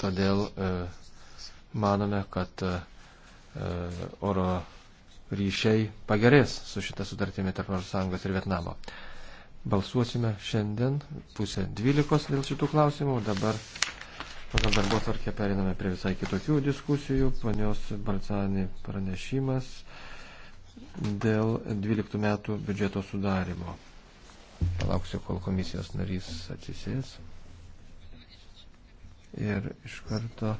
Todėl e, manome, kad e, e, oro ryšiai pagerės su šita sutartimi tarp ES ir Vietnamo. Balsuosime šiandien pusę dvylikos dėl šitų klausimų. Dabar pagal darbo tvarkę periname prie visai kitokių diskusijų. Panios Balcani pranešimas dėl 12 metų biudžeto sudarimo. Palauksiu, kol komisijos narys atsisės ir iš karto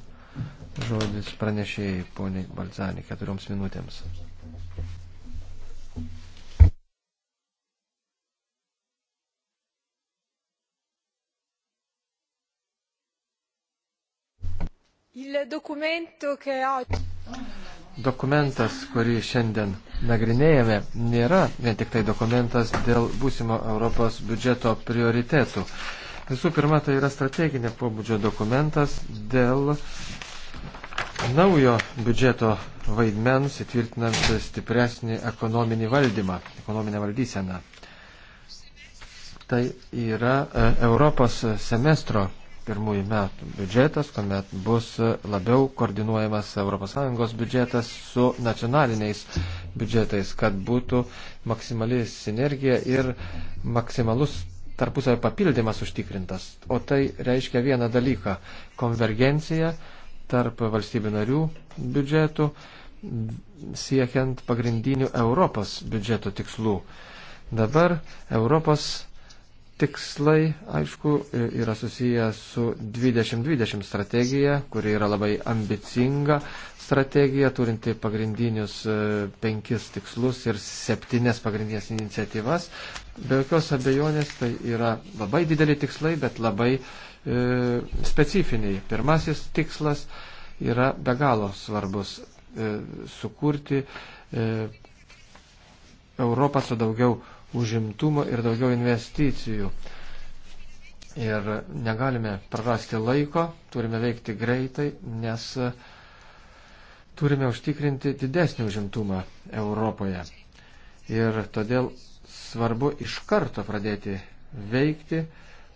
žodis pranešėjai poniai Balzani keturioms minutėms. Dokumentas, kurį šiandien nagrinėjame, nėra vien tik tai dokumentas dėl būsimo Europos biudžeto prioritetų. Visų pirma, tai yra strateginė pobūdžio dokumentas dėl naujo biudžeto vaidmens įtvirtinant stipresnį ekonominį valdymą, ekonominę valdyseną. Tai yra e, Europos semestro pirmųjų metų biudžetas, kuomet bus labiau koordinuojamas ES biudžetas su nacionaliniais biudžetais, kad būtų maksimali sinergija ir maksimalus tarpusavio papildymas užtikrintas. O tai reiškia vieną dalyką - konvergenciją tarp valstybių narių biudžetų siekiant pagrindinių Europos biudžeto tikslų. Dabar Europos tikslai, aišku, yra susiję su 2020 strategija, kuri yra labai ambicinga strategija, turinti pagrindinius e, penkis tikslus ir septynes pagrindinės iniciatyvas. Be jokios abejonės tai yra labai dideli tikslai, bet labai e, specifiniai. Pirmasis tikslas yra be galo svarbus e, - sukurti e, Europą su daugiau užimtumo ir daugiau investicijų. Ir negalime prarasti laiko, turime veikti greitai, nes e, turime užtikrinti didesnį užimtumą Europoje. Ir todėl svarbu iš karto pradėti veikti,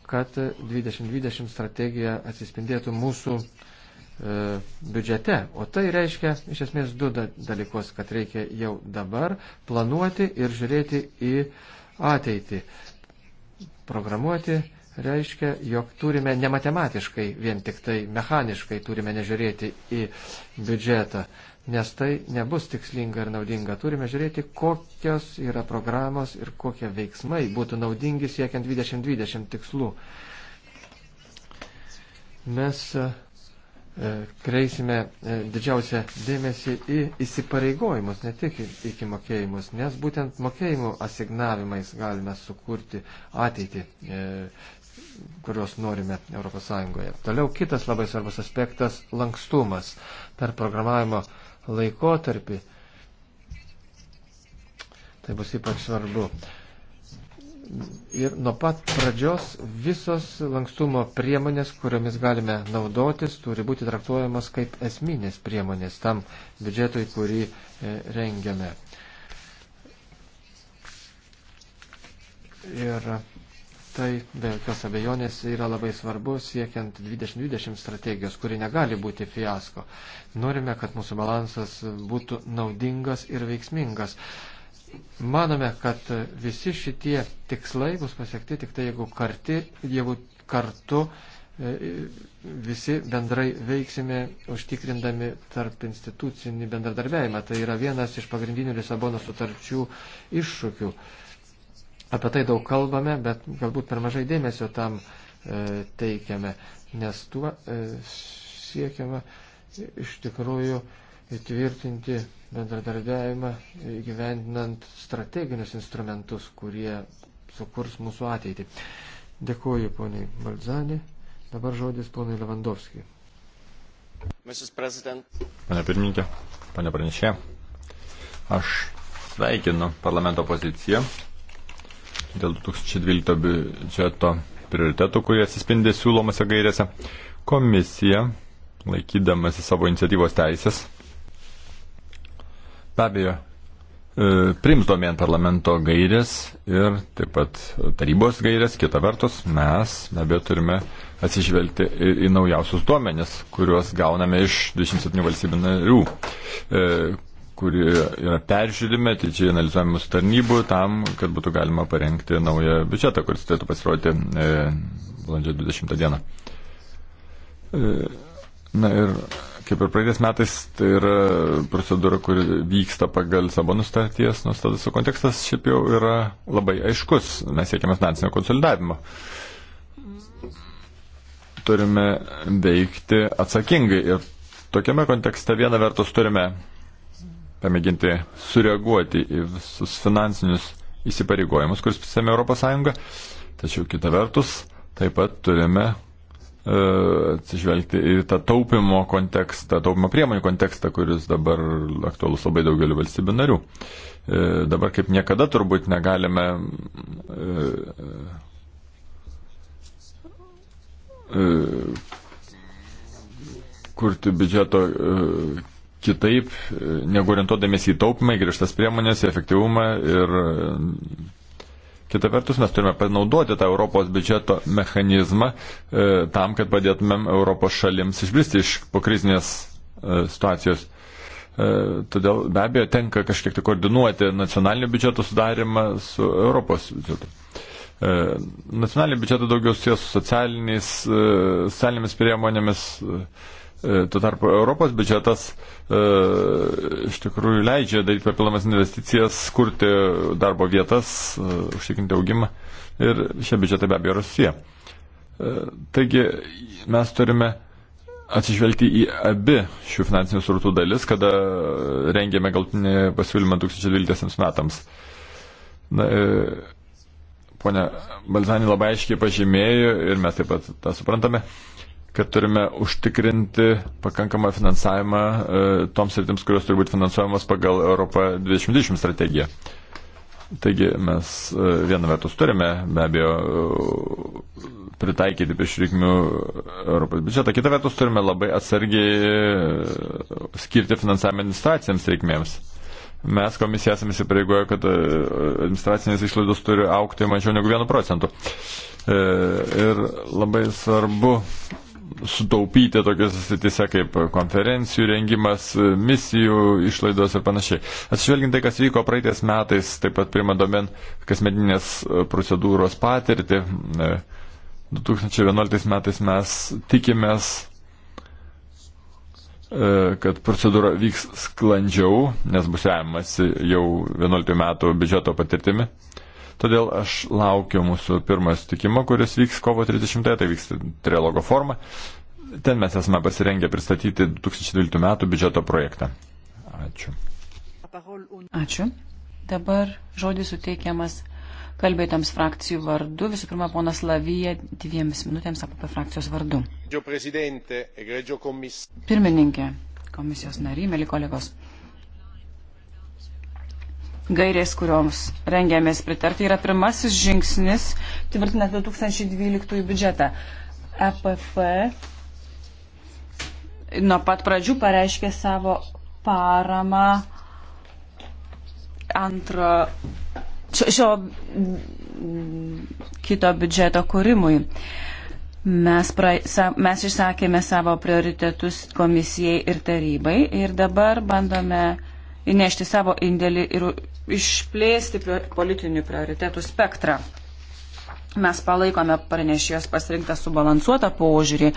kad 2020 strategija atsispindėtų mūsų e, biudžete. O tai reiškia iš esmės du dalykus, kad reikia jau dabar planuoti ir žiūrėti į ateitį. Programuoti reiškia, jog turime ne matematiškai, vien tik tai mechaniškai turime nežiūrėti į biudžetą nes tai nebus tikslinga ir naudinga. Turime žiūrėti, kokios yra programos ir kokie veiksmai būtų naudingi siekiant 2020 tikslų. Mes e, e, kreisime e, didžiausią dėmesį į įsipareigojimus, ne tik iki mokėjimus, nes būtent mokėjimų asignavimais galime sukurti ateitį kuriuos norime ES. Toliau kitas labai svarbus aspektas - lankstumas per programavimo laikotarpį. Tai bus ypač svarbu. Ir nuo pat pradžios visos lankstumo priemonės, kuriomis galime naudotis, turi būti traktuojamos kaip esminės priemonės tam biudžetui, kurį e, rengiame. Ir Tai be jokios abejonės yra labai svarbu siekiant 2020 strategijos, kuri negali būti fiasko. Norime, kad mūsų balansas būtų naudingas ir veiksmingas. Manome, kad visi šitie tikslai bus pasiekti tik tai, jeigu, karti, jeigu kartu e, visi bendrai veiksime užtikrindami tarp institucinį bendradarbiavimą. Tai yra vienas iš pagrindinių Lisabono sutarčių iššūkių apie tai daug kalbame, bet galbūt per mažai dėmesio tam e, teikiame, nes tuo e, siekiama iš tikrųjų įtvirtinti bendradarbiavimą įgyvendinant strateginius instrumentus, kurie sukurs mūsų ateitį. Dėkuoju poniai Balzani. Dabar žodis poniai Levandovskijai. Pane pirmininkė, pane pranešė, aš sveikinu parlamento poziciją dėl 2012 biudžeto prioritetų, kurie atsispindė siūlomose gairėse. Komisija, laikydamasi savo iniciatyvos teisės, be abejo, e, priims domėn parlamento gairės ir taip pat tarybos gairės. Kita vertus, mes be abejo turime atsižvelgti ir į naujausius duomenis, kuriuos gauname iš 27 valstybių narių, e, kurie yra peržiūrimi, tai atidžiai analizuojami mūsų tarnybų tam, kad būtų galima parengti naują biudžetą, kuris turėtų pasirodyti e, balandžio 20 dieną. E, na ir kaip ir praeitais metais, tai yra procedūra, kuri vyksta pagal savo nustaties, nustatas, o kontekstas šiaip jau yra labai aiškus. Mes siekiame finansinio konsolidavimo turime veikti atsakingai. Ir tokiame kontekste viena vertus turime pamėginti sureaguoti į visus finansinius įsipareigojimus, kuris prisėmė ES. Tačiau kita vertus, taip pat turime e, atsižvelgti į tą taupimo kontekstą, taupimo priemonių kontekstą, kuris dabar aktualus labai daugeliu valstybių narių. E, dabar kaip niekada turbūt negalime e, kurti biudžeto kitaip, negu orientuodamėsi į taupimą, į griežtas priemonės, į efektyvumą ir kita vertus mes turime panaudoti tą Europos biudžeto mechanizmą e, tam, kad padėtumėm Europos šalims išbristi iš pokrizinės e, situacijos. E, todėl be abejo tenka kažkiek tai koordinuoti nacionalinio biudžeto sudarimą su Europos biudžetu. E, nacionalinio biudžeto daugiau susijęs su socialiniais, e, socialinėmis priemonėmis. E, E, tuo tarpu Europos biudžetas e, iš tikrųjų leidžia daryti papildomas investicijas, kurti darbo vietas, e, užtikrinti augimą ir šie biudžetai be abejo yra susiję. Taigi mes turime atsižvelgti į abi šių finansinių srautų dalis, kada rengėme galtinį pasiūlymą 2012 metams. Na, e, ponia Balzani labai aiškiai pažymėjo ir mes taip pat tą suprantame, kad turime užtikrinti pakankamą finansavimą e, toms sritims, kurios turi būti finansuojamos pagal Europą 2020 strategiją. Taigi mes e, vieną vertus turime be abejo e, pritaikyti priešreikmių Europos biudžetą, kitą vertus turime labai atsargiai e, skirti finansavimą administracijams reikmėms. Mes komisija esame įsipareigoję, kad e, administracinės išlaidos turi aukti mažiau negu 1 procentų. E, ir labai svarbu sutaupyti tokiuose sritise kaip konferencijų rengimas, e, misijų išlaidos ir panašiai. Atsižvelgiant tai, kas vyko praeitais metais, taip pat prima domen kasmetinės e, procedūros patirtį. 2011 e, metais mes tikimės, kad procedūra vyks sklandžiau, nes bus remiamasi jau 11 metų biudžeto patirtimi. Todėl aš laukiu mūsų pirmojo sutikimo, kuris vyks kovo 30, tai vyks trilogo forma. Ten mes esame pasirengę pristatyti 2012 metų biudžeto projektą. Ačiū. Ačiū. Dabar žodis suteikiamas kalbėtams frakcijų vardu. Visų pirma, ponas Lavija dviems minutėms apie frakcijos vardu. E Pirmininkė, komisijos nariai, mėly kolegos gairės, kurioms rengiamės pritarti, yra pirmasis žingsnis tvirtinant 2012 biudžetą. EPP nuo pat pradžių pareiškė savo paramą antro šio, šio kito biudžeto kūrimui. Mes, pra, sa, mes išsakėme savo prioritetus komisijai ir tarybai ir dabar bandome įnešti savo indėlį ir išplėsti politinių prioritetų spektrą. Mes palaikome pranešėjos pasirinktą subalansuotą požiūrį.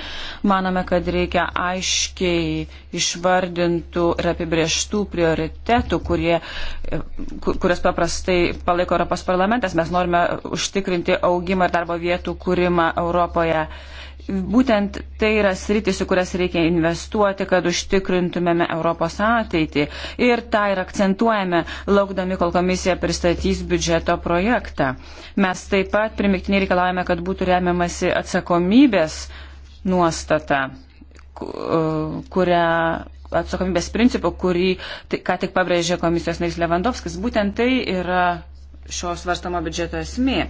Manome, kad reikia aiškiai išvardintų ir apibrieštų prioritetų, kurie, kurias paprastai palaiko Europos parlamentas. Mes norime užtikrinti augimą ir darbo vietų kūrimą Europoje būtent tai yra sritis, į kurias reikia investuoti, kad užtikrintumėme Europos ateitį. Ir tą ir akcentuojame, laukdami, kol komisija pristatys biudžeto projektą. Mes taip pat primiktinai reikalavome, kad būtų remiamasi atsakomybės nuostata, e, kurią atsakomybės principų, kurį tai, ką tik pabrėžė komisijos narys Levandovskis. Būtent tai yra šios varstamo biudžeto esmė.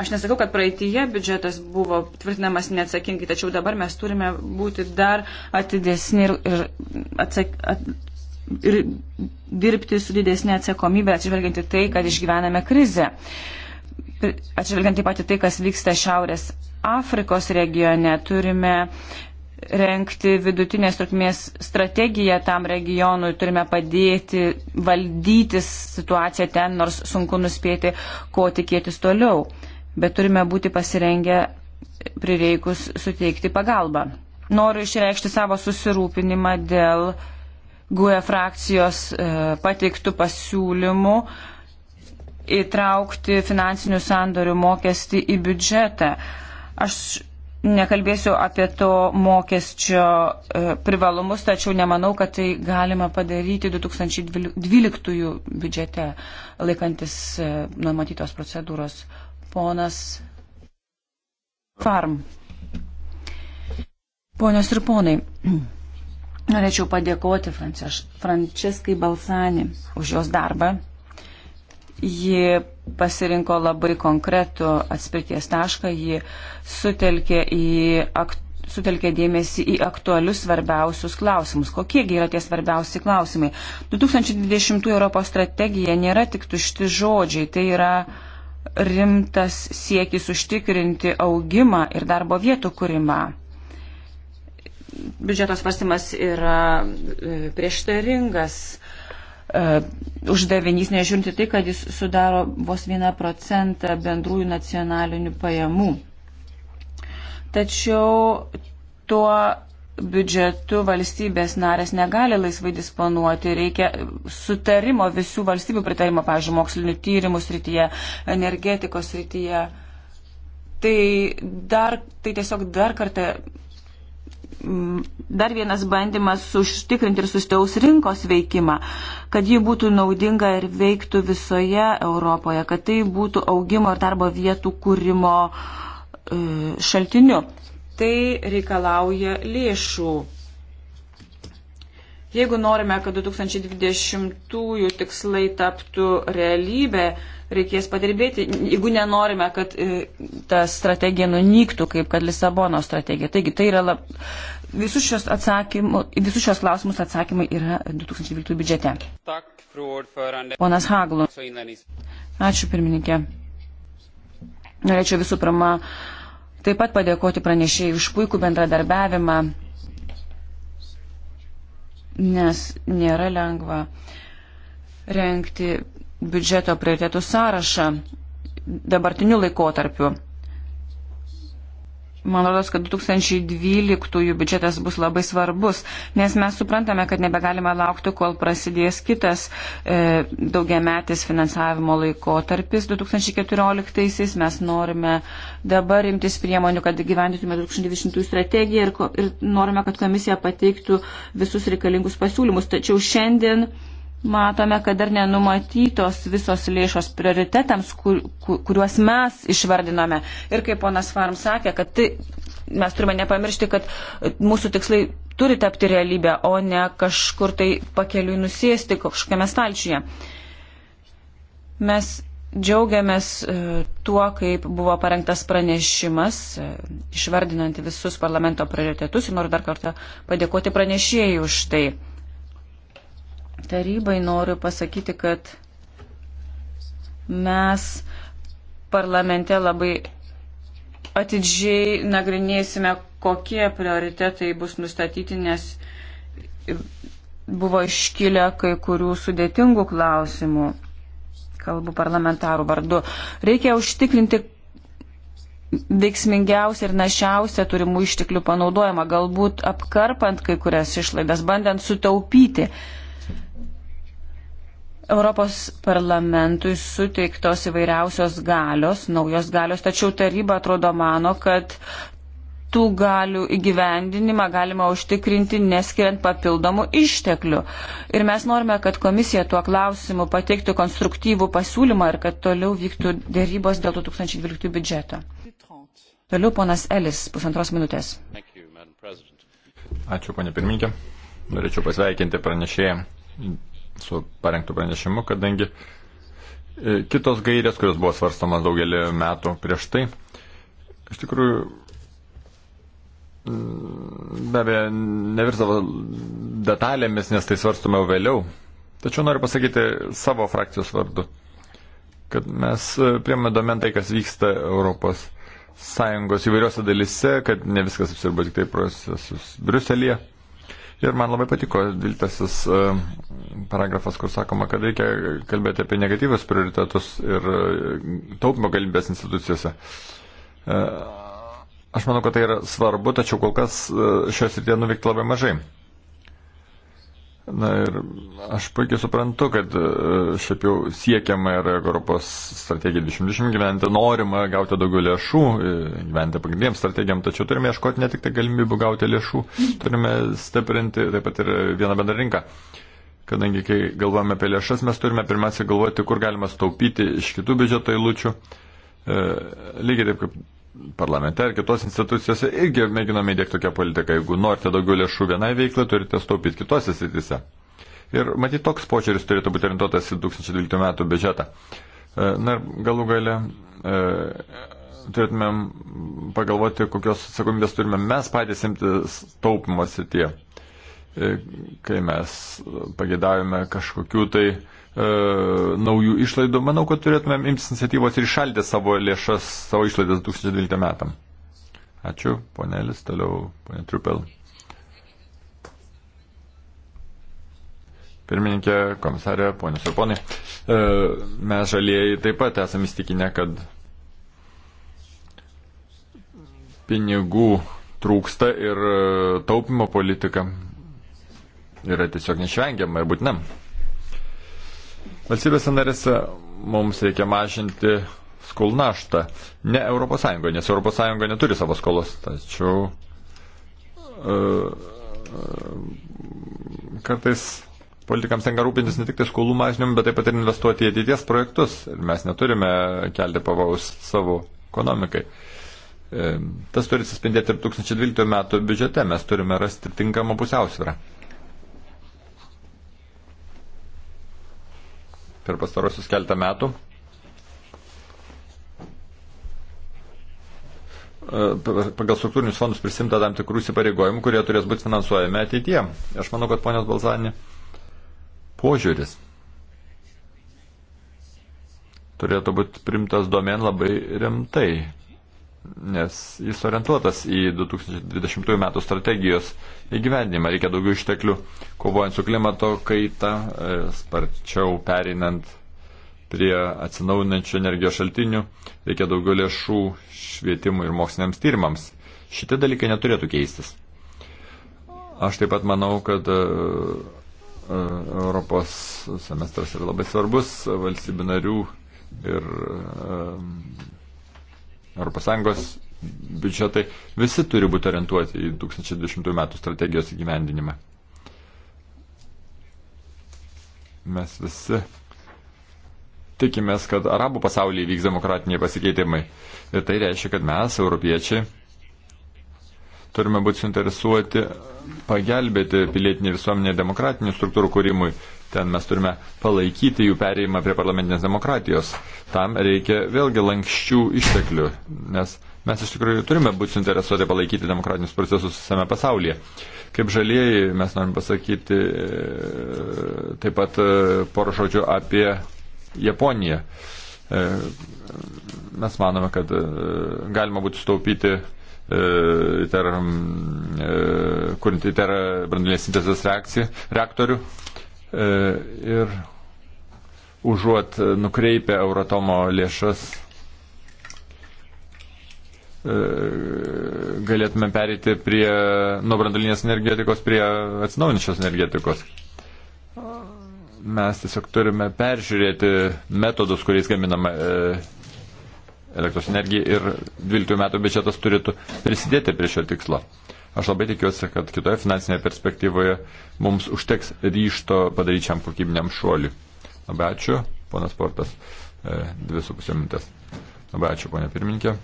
Aš nesakau, kad praeitįje biudžetas buvo tvirtinamas neatsakingai, tačiau dabar mes turime būti dar atidesni ir, ir, atsak, at, ir dirbti su didesnė atsakomybė, atsižvelgiant į tai, kad išgyvename krizę. Atsižvelgiant taip pat į tai, kas vyksta Šiaurės Afrikos regione, turime renkti vidutinės trukmės strategiją tam regionui, turime padėti valdyti situaciją ten, nors sunku nuspėti, ko tikėtis toliau bet turime būti pasirengę prireikus suteikti pagalbą. Noriu išreikšti savo susirūpinimą dėl GUE frakcijos e, pateiktų pasiūlymų įtraukti finansinių sandorių mokestį į biudžetą. Aš nekalbėsiu apie to mokesčio e, privalumus, tačiau nemanau, kad tai galima padaryti 2012 biudžete, laikantis e, numatytos procedūros ponas Farm. Ponios ir ponai, norėčiau padėkoti Frances, Franceskai Balsani už jos darbą. Ji pasirinko labai konkretų atspirties tašką, ji sutelkė, į, ak, sutelkė dėmesį į aktualius svarbiausius klausimus. Kokiegi yra tie svarbiausi klausimai? 2020 Europos strategija nėra tik tušti žodžiai, tai yra uh, rimtas siekis užtikrinti augimą ir darbo vietų kūrimą. Biudžeto svarstymas yra e, prieštaringas e, uždavinys, nežiūrinti tai, kad jis sudaro vos 1 procentą bendrųjų nacionalinių pajamų. Tačiau tuo biudžetu valstybės narės negali laisvai disponuoti, reikia sutarimo visų valstybių pritarimo, pavyzdžiui, mokslinių tyrimų srityje, energetikos srityje. Tai, dar, tai tiesiog dar kartą, mm, dar vienas bandymas užtikrinti ir sustaus rinkos veikimą, kad ji būtų naudinga ir veiktų visoje Europoje, kad tai būtų augimo ir darbo vietų kūrimo e, šaltiniu tai reikalauja lėšų. Jeigu norime, kad 2020-ųjų tikslai taptų realybė, reikės padirbėti, jeigu nenorime, kad e, ta strategija nunyktų, kaip kad Lisabono strategija. Taigi tai yra lab... visus, šios atsakymų, visus šios klausimus atsakymai yra 2012 biudžete. Ponas Haglų. Ačiū pirmininkė. Norėčiau visų pirma Taip pat padėkoti pranešėjai už puikų bendradarbiavimą, nes nėra lengva renkti biudžeto prioritėtų sąrašą dabartiniu laikotarpiu. Man rodos, kad 2012 biudžetas bus labai svarbus, nes mes suprantame, kad nebegalime laukti, kol prasidės kitas e, daugiametis finansavimo laikotarpis 2014-aisiais. Mes norime dabar imtis priemonių, kad gyvendytume 2020 strategiją ir, ir norime, kad komisija pateiktų visus reikalingus pasiūlymus. Tačiau šiandien Matome, kad dar nenumatytos visos lėšos prioritetams, kur, kur, kuriuos mes išvardinome. Ir kaip ponas Farm sakė, kad tai, mes turime nepamiršti, kad mūsų tikslai turi tapti realybę, o ne kažkur tai pakeliui nusėsti kažkokiame stalčiuje. Mes džiaugiamės e, tuo, kaip buvo parengtas pranešimas, e, išvardinant visus parlamento prioritetus ir noriu dar kartą padėkoti pranešėjai už tai tarybai noriu pasakyti, kad mes parlamente labai atidžiai nagrinėsime, kokie prioritetai bus nustatyti, nes buvo iškilę kai kurių sudėtingų klausimų, kalbu parlamentarų vardu. Reikia užtikrinti veiksmingiausią ir našiausią turimų išteklių panaudojimą, galbūt apkarpant kai kurias išlaidas, bandant sutaupyti. Uh, Europos parlamentui suteiktos įvairiausios galios, naujos galios, tačiau taryba atrodo mano, kad tų galių įgyvendinimą galima užtikrinti neskiriant papildomų išteklių. Ir mes norime, kad komisija tuo klausimu pateiktų konstruktyvų pasiūlymą ir kad toliau vyktų dėrybos dėl 2012 biudžeto. Toliau ponas Elis, pusantros minutės. Ačiū, ponė pirmininkė. Norėčiau pasveikinti pranešėją su parengtų pranešimu, kadangi e, kitos gairės, kurios buvo svarstamas daugelį metų prieš tai, iš tikrųjų mm, be abejo nevirsdavo detalėmis, nes tai svarstumiau vėliau. Tačiau noriu pasakyti savo frakcijos vardu, kad mes e, priemame domentai, kas vyksta Europos Sąjungos įvairiose dalise, kad ne viskas apsirba tik tai procesus Briuselėje. Ir man labai patiko 12 e, paragrafas, kur sakoma, kad reikia kalbėti apie negatyvius prioritetus ir e, taupimo galimybės institucijose. E, aš manau, kad tai yra svarbu, tačiau kol kas šios ir tie nuveikti labai mažai. Na ir aš puikiai suprantu, kad e, šiaip jau siekiama ir Europos strategija 2020 gyventi, norima gauti daugiau lėšų, e, gyventi pagrindiniam strategijam, tačiau turime ieškoti ne tik tai galimybių gauti lėšų, turime stiprinti taip pat ir vieną bendrą rinką. Kadangi, kai galvojame apie lėšas, mes turime pirmiausia galvoti, kur galima staupyti iš kitų biudžeto eilučių. E, lygiai taip kaip parlamente ar kitos institucijose irgi mėginame įdėkti tokią politiką. Jeigu norite daugiau lėšų vienai veiklai, turite staupyti kitose srityse. Ir matyt, toks počiaris turėtų būti orientuotas į 2012 metų biudžetą. E, na ir galų gale e, turėtumėm pagalvoti, kokios atsakomybės turime mes patys imtis taupimo sitie. E, kai mes pagėdavome kažkokių tai e, E, naujų išlaidų, manau, kad turėtumėm imtis iniciatyvos ir išaldė savo lėšas, savo išlaidas 2012 metam. Ačiū, ponelis, toliau, ponė Triupel. Pirmininkė, komisarė, ponės ir ponai, e, mes žalieji taip pat esame įstikinę, kad pinigų trūksta ir e, taupimo politika yra tiesiog neišvengiama ir būtinam. Ne. Valstybėse narėse mums reikia mažinti skolų naštą. Ne ES, nes ES neturi savo skolos, tačiau uh, uh, kartais politikams tenka rūpintis ne tik tai skolų mažinimu, bet taip pat ir investuoti į ateities projektus. Ir mes neturime kelti pavojus savo ekonomikai. Uh, tas turi atsispindėti ir 2012 metų biudžete. Mes turime rasti tinkamą pusiausvyrą. per pastarosius keltą metų. E, pagal struktūrinius fondus prisimta tam tikrų įsipareigojimų, kurie turės būti finansuojami ateityje. Aš manau, kad ponios Balzanė požiūris turėtų būti primtas domen labai rimtai nes jis orientuotas į 2020 m. strategijos įgyvendinimą. Reikia daugiau išteklių, kovojant su klimato kaita, e, sparčiau perinant prie atsinaujinančių energijos šaltinių, reikia daugiau lėšų švietimui ir moksliniams tyrimams. Šitie dalykai neturėtų keistis. Aš taip pat manau, kad e, e, Europos semestras yra labai svarbus valstybių narių ir ES biudžetai visi turi būti orientuoti į 2020 metų strategijos įgyvendinimą. Mes visi tikimės, kad arabų pasaulyje vyks demokratiniai pasikeitimai. Ir tai reiškia, kad mes, europiečiai, turime būti suinteresuoti pagelbėti pilietinį visuomenę demokratinių struktūrų kūrimui Ten mes turime palaikyti jų perėjimą prie parlamentinės demokratijos. Tam reikia vėlgi lankščių išteklių, nes mes iš tikrųjų turime būti suinteresuoti palaikyti demokratinius procesus visame pasaulyje. Kaip žalieji mes norim pasakyti e, taip pat e, porą žodžių apie Japoniją. E, mes manome, kad galima būtų staupyti ter, kur ter brandulinės sintezės reakcijų, reaktorių E, ir užuot nukreipę Euratomo lėšas e, galėtume pereiti prie nuo brandalinės energetikos prie atsinaujinčios energetikos. Mes tiesiog turime peržiūrėti metodus, kuriais gaminama e, elektros energija ir 12 metų biudžetas turėtų prisidėti prie šio tikslo. Aš labai tikiuosi, kad kitoje finansinėje perspektyvoje mums užteks ryšto padaryčiam kokybiniam šuoliui. Labai ačiū, ponas Portas, e, dvi su pusė minutės. Labai ačiū, ponė pirmininkė.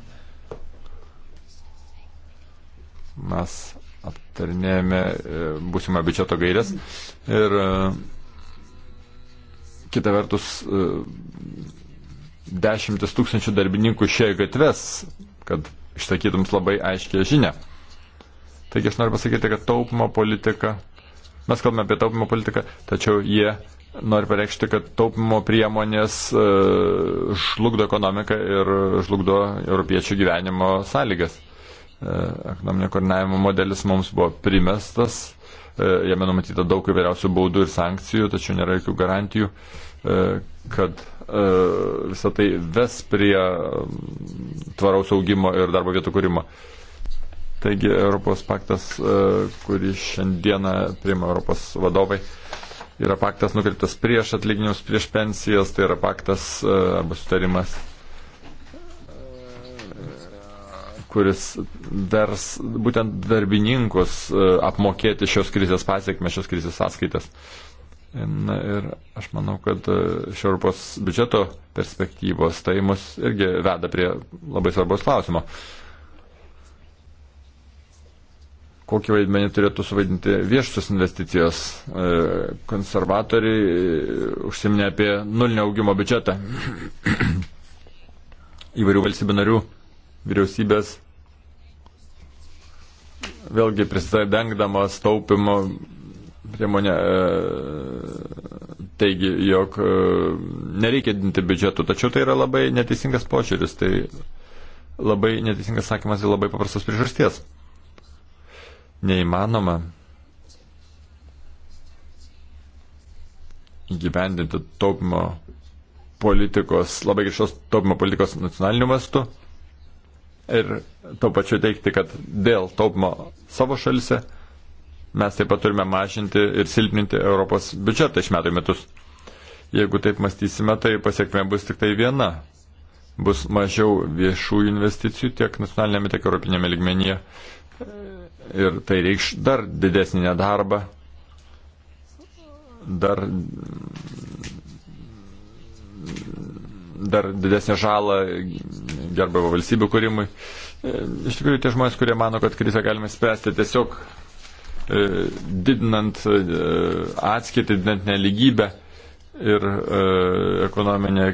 Mes aptarinėjame e, būsimą biudžeto gairias ir e, kita vertus dešimtis tūkstančių darbininkų išėjo į gatves, kad išsakytums labai aiškę žinę. Taigi aš noriu pasakyti, kad taupimo politika, mes kalbame apie taupimo politiką, tačiau jie nori pareikšti, kad taupimo priemonės e, žlugdo ekonomiką ir žlugdo europiečių gyvenimo sąlygas. E, ekonominio koordinavimo modelis mums buvo primestas, e, jame numatyta daug įvairiausių baudų ir sankcijų, tačiau nėra jokių garantijų, kad visą tai ves prie tvaraus augimo ir darbo vietų kūrimo. Taigi Europos paktas, e, kurį šiandieną priima Europos vadovai, yra paktas nukreiptas prieš atlyginimus, prieš pensijas, tai yra paktas e, arba sutarimas, e, kuris vers būtent darbininkus apmokėti šios krizės pasiekmes, šios krizės sąskaitas. Na ir aš manau, kad iš Europos biudžeto perspektyvos tai mus irgi veda prie labai svarbos klausimo. Uh, kokį vaidmenį turėtų suvaidinti viešus investicijos. E, konservatoriai e, užsiminė apie nulinio augimo biudžetą. Įvairių valstybių narių vyriausybės vėlgi prisidengdamas taupimo priemonę e, teigi, jog nereikia didinti biudžetų, tačiau tai yra labai neteisingas požiūris, tai labai neteisingas sakymas ir labai paprastas priežasties neįmanoma įgyvendinti taupimo politikos, labai grįžtos taupimo politikos nacionaliniu mastu ir to pačiu teikti, kad dėl taupimo savo šalise mes taip pat turime mažinti ir silpninti Europos biudžetą iš metų į metus. Jeigu taip mąstysime, tai pasiekmė bus tik tai viena. Bus mažiau viešų investicijų tiek nacionalinėme, tiek europinėme ligmenyje ir tai reikš dar didesnį nedarbą, dar, dar didesnę žalą gerbavo valstybių kūrimui. E, iš tikrųjų, tie žmonės, kurie mano, kad krizę galime spręsti tiesiog e, didinant e, atskirtį, didinant neligybę ir ekonominę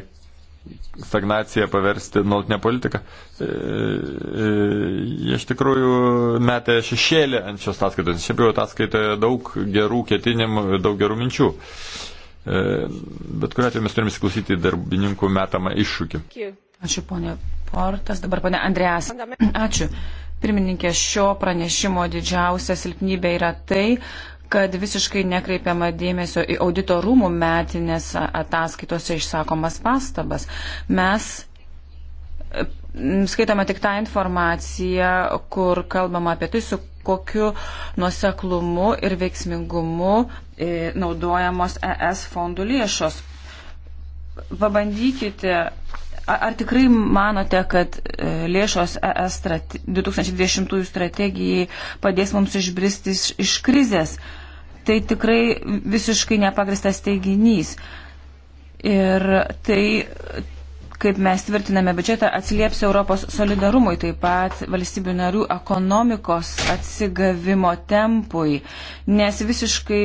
stagnaciją paversti nuolatinę politiką. E, e, jie iš tikrųjų metė šešėlį ant šios ataskaitos. Šiaip jau ataskaitoje daug gerų ketinimų, daug gerų minčių. E, bet kuriuo atveju mes turime įsiklausyti darbininkų metamą iššūkį. Ačiū, ponė Portas. Dabar ponė Andreas. Ačiū. Pirmininkė, šio pranešimo didžiausia silpnybė yra tai, kad visiškai nekreipiama dėmesio į audito rūmų metinės ataskaitose išsakomas pastabas. Mes e, skaitome tik tą informaciją, kur kalbama apie tai, su kokiu nuoseklumu ir veiksmingumu e, naudojamos ES fondų lėšos. Pabandykite Ar tikrai manote, kad e, lėšos ES strate 2020 strategijai padės mums išbristi iš, iš krizės? Tai tikrai visiškai nepagristas teiginys. Ir tai kaip mes tvirtiname biudžetą, atsilieps Europos solidarumui, taip pat valstybių narių ekonomikos atsigavimo tempui, nes visiškai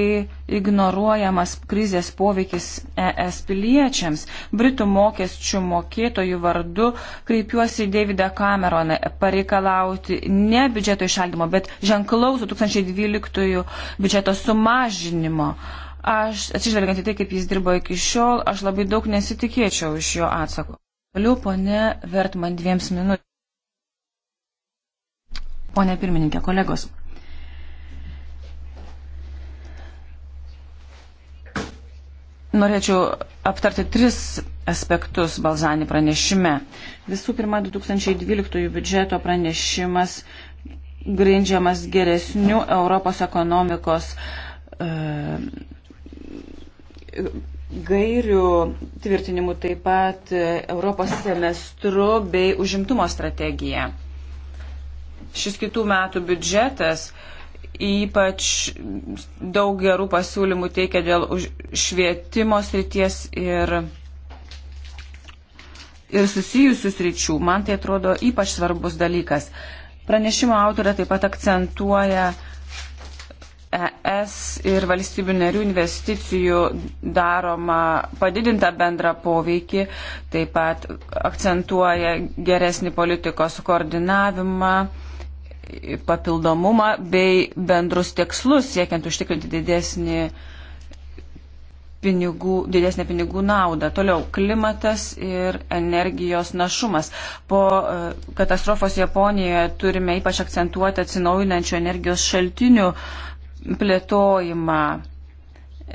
ignoruojamas krizės poveikis ES piliečiams. Britų mokesčių mokėtojų vardu kreipiuosi į Davidą Cameroną pareikalauti ne biudžeto išaldimo, bet ženklaus 2012 biudžeto sumažinimo aš atsižvelgiant į tai, kaip jis dirbo iki šiol, aš labai daug nesitikėčiau iš jo atsako. Toliau ponė Vertman dviems minutėms. Pone pirmininkė, kolegos. Norėčiau aptarti tris aspektus Balzani pranešime. Visų pirma, 2012 biudžeto pranešimas grindžiamas geresnių Europos ekonomikos e, gairių tvirtinimu, taip pat Europos semestru bei užimtumo strategija. Šis kitų metų biudžetas ypač daug gerų pasiūlymų teikia dėl švietimo srities ir, ir susijusių sričių. Man tai atrodo ypač svarbus dalykas. Pranešimo autorė taip pat akcentuoja uh, ES ir valstybių narių investicijų daroma padidinta bendra poveikį, taip pat akcentuoja geresnį politikos koordinavimą, papildomumą bei bendrus tikslus, siekiant užtikrinti didesnį pinigų, didesnė pinigų naudą. Toliau klimatas ir energijos našumas. Po e, katastrofos Japonijoje turime ypač akcentuoti atsinaujinančių energijos šaltinių plėtojimą.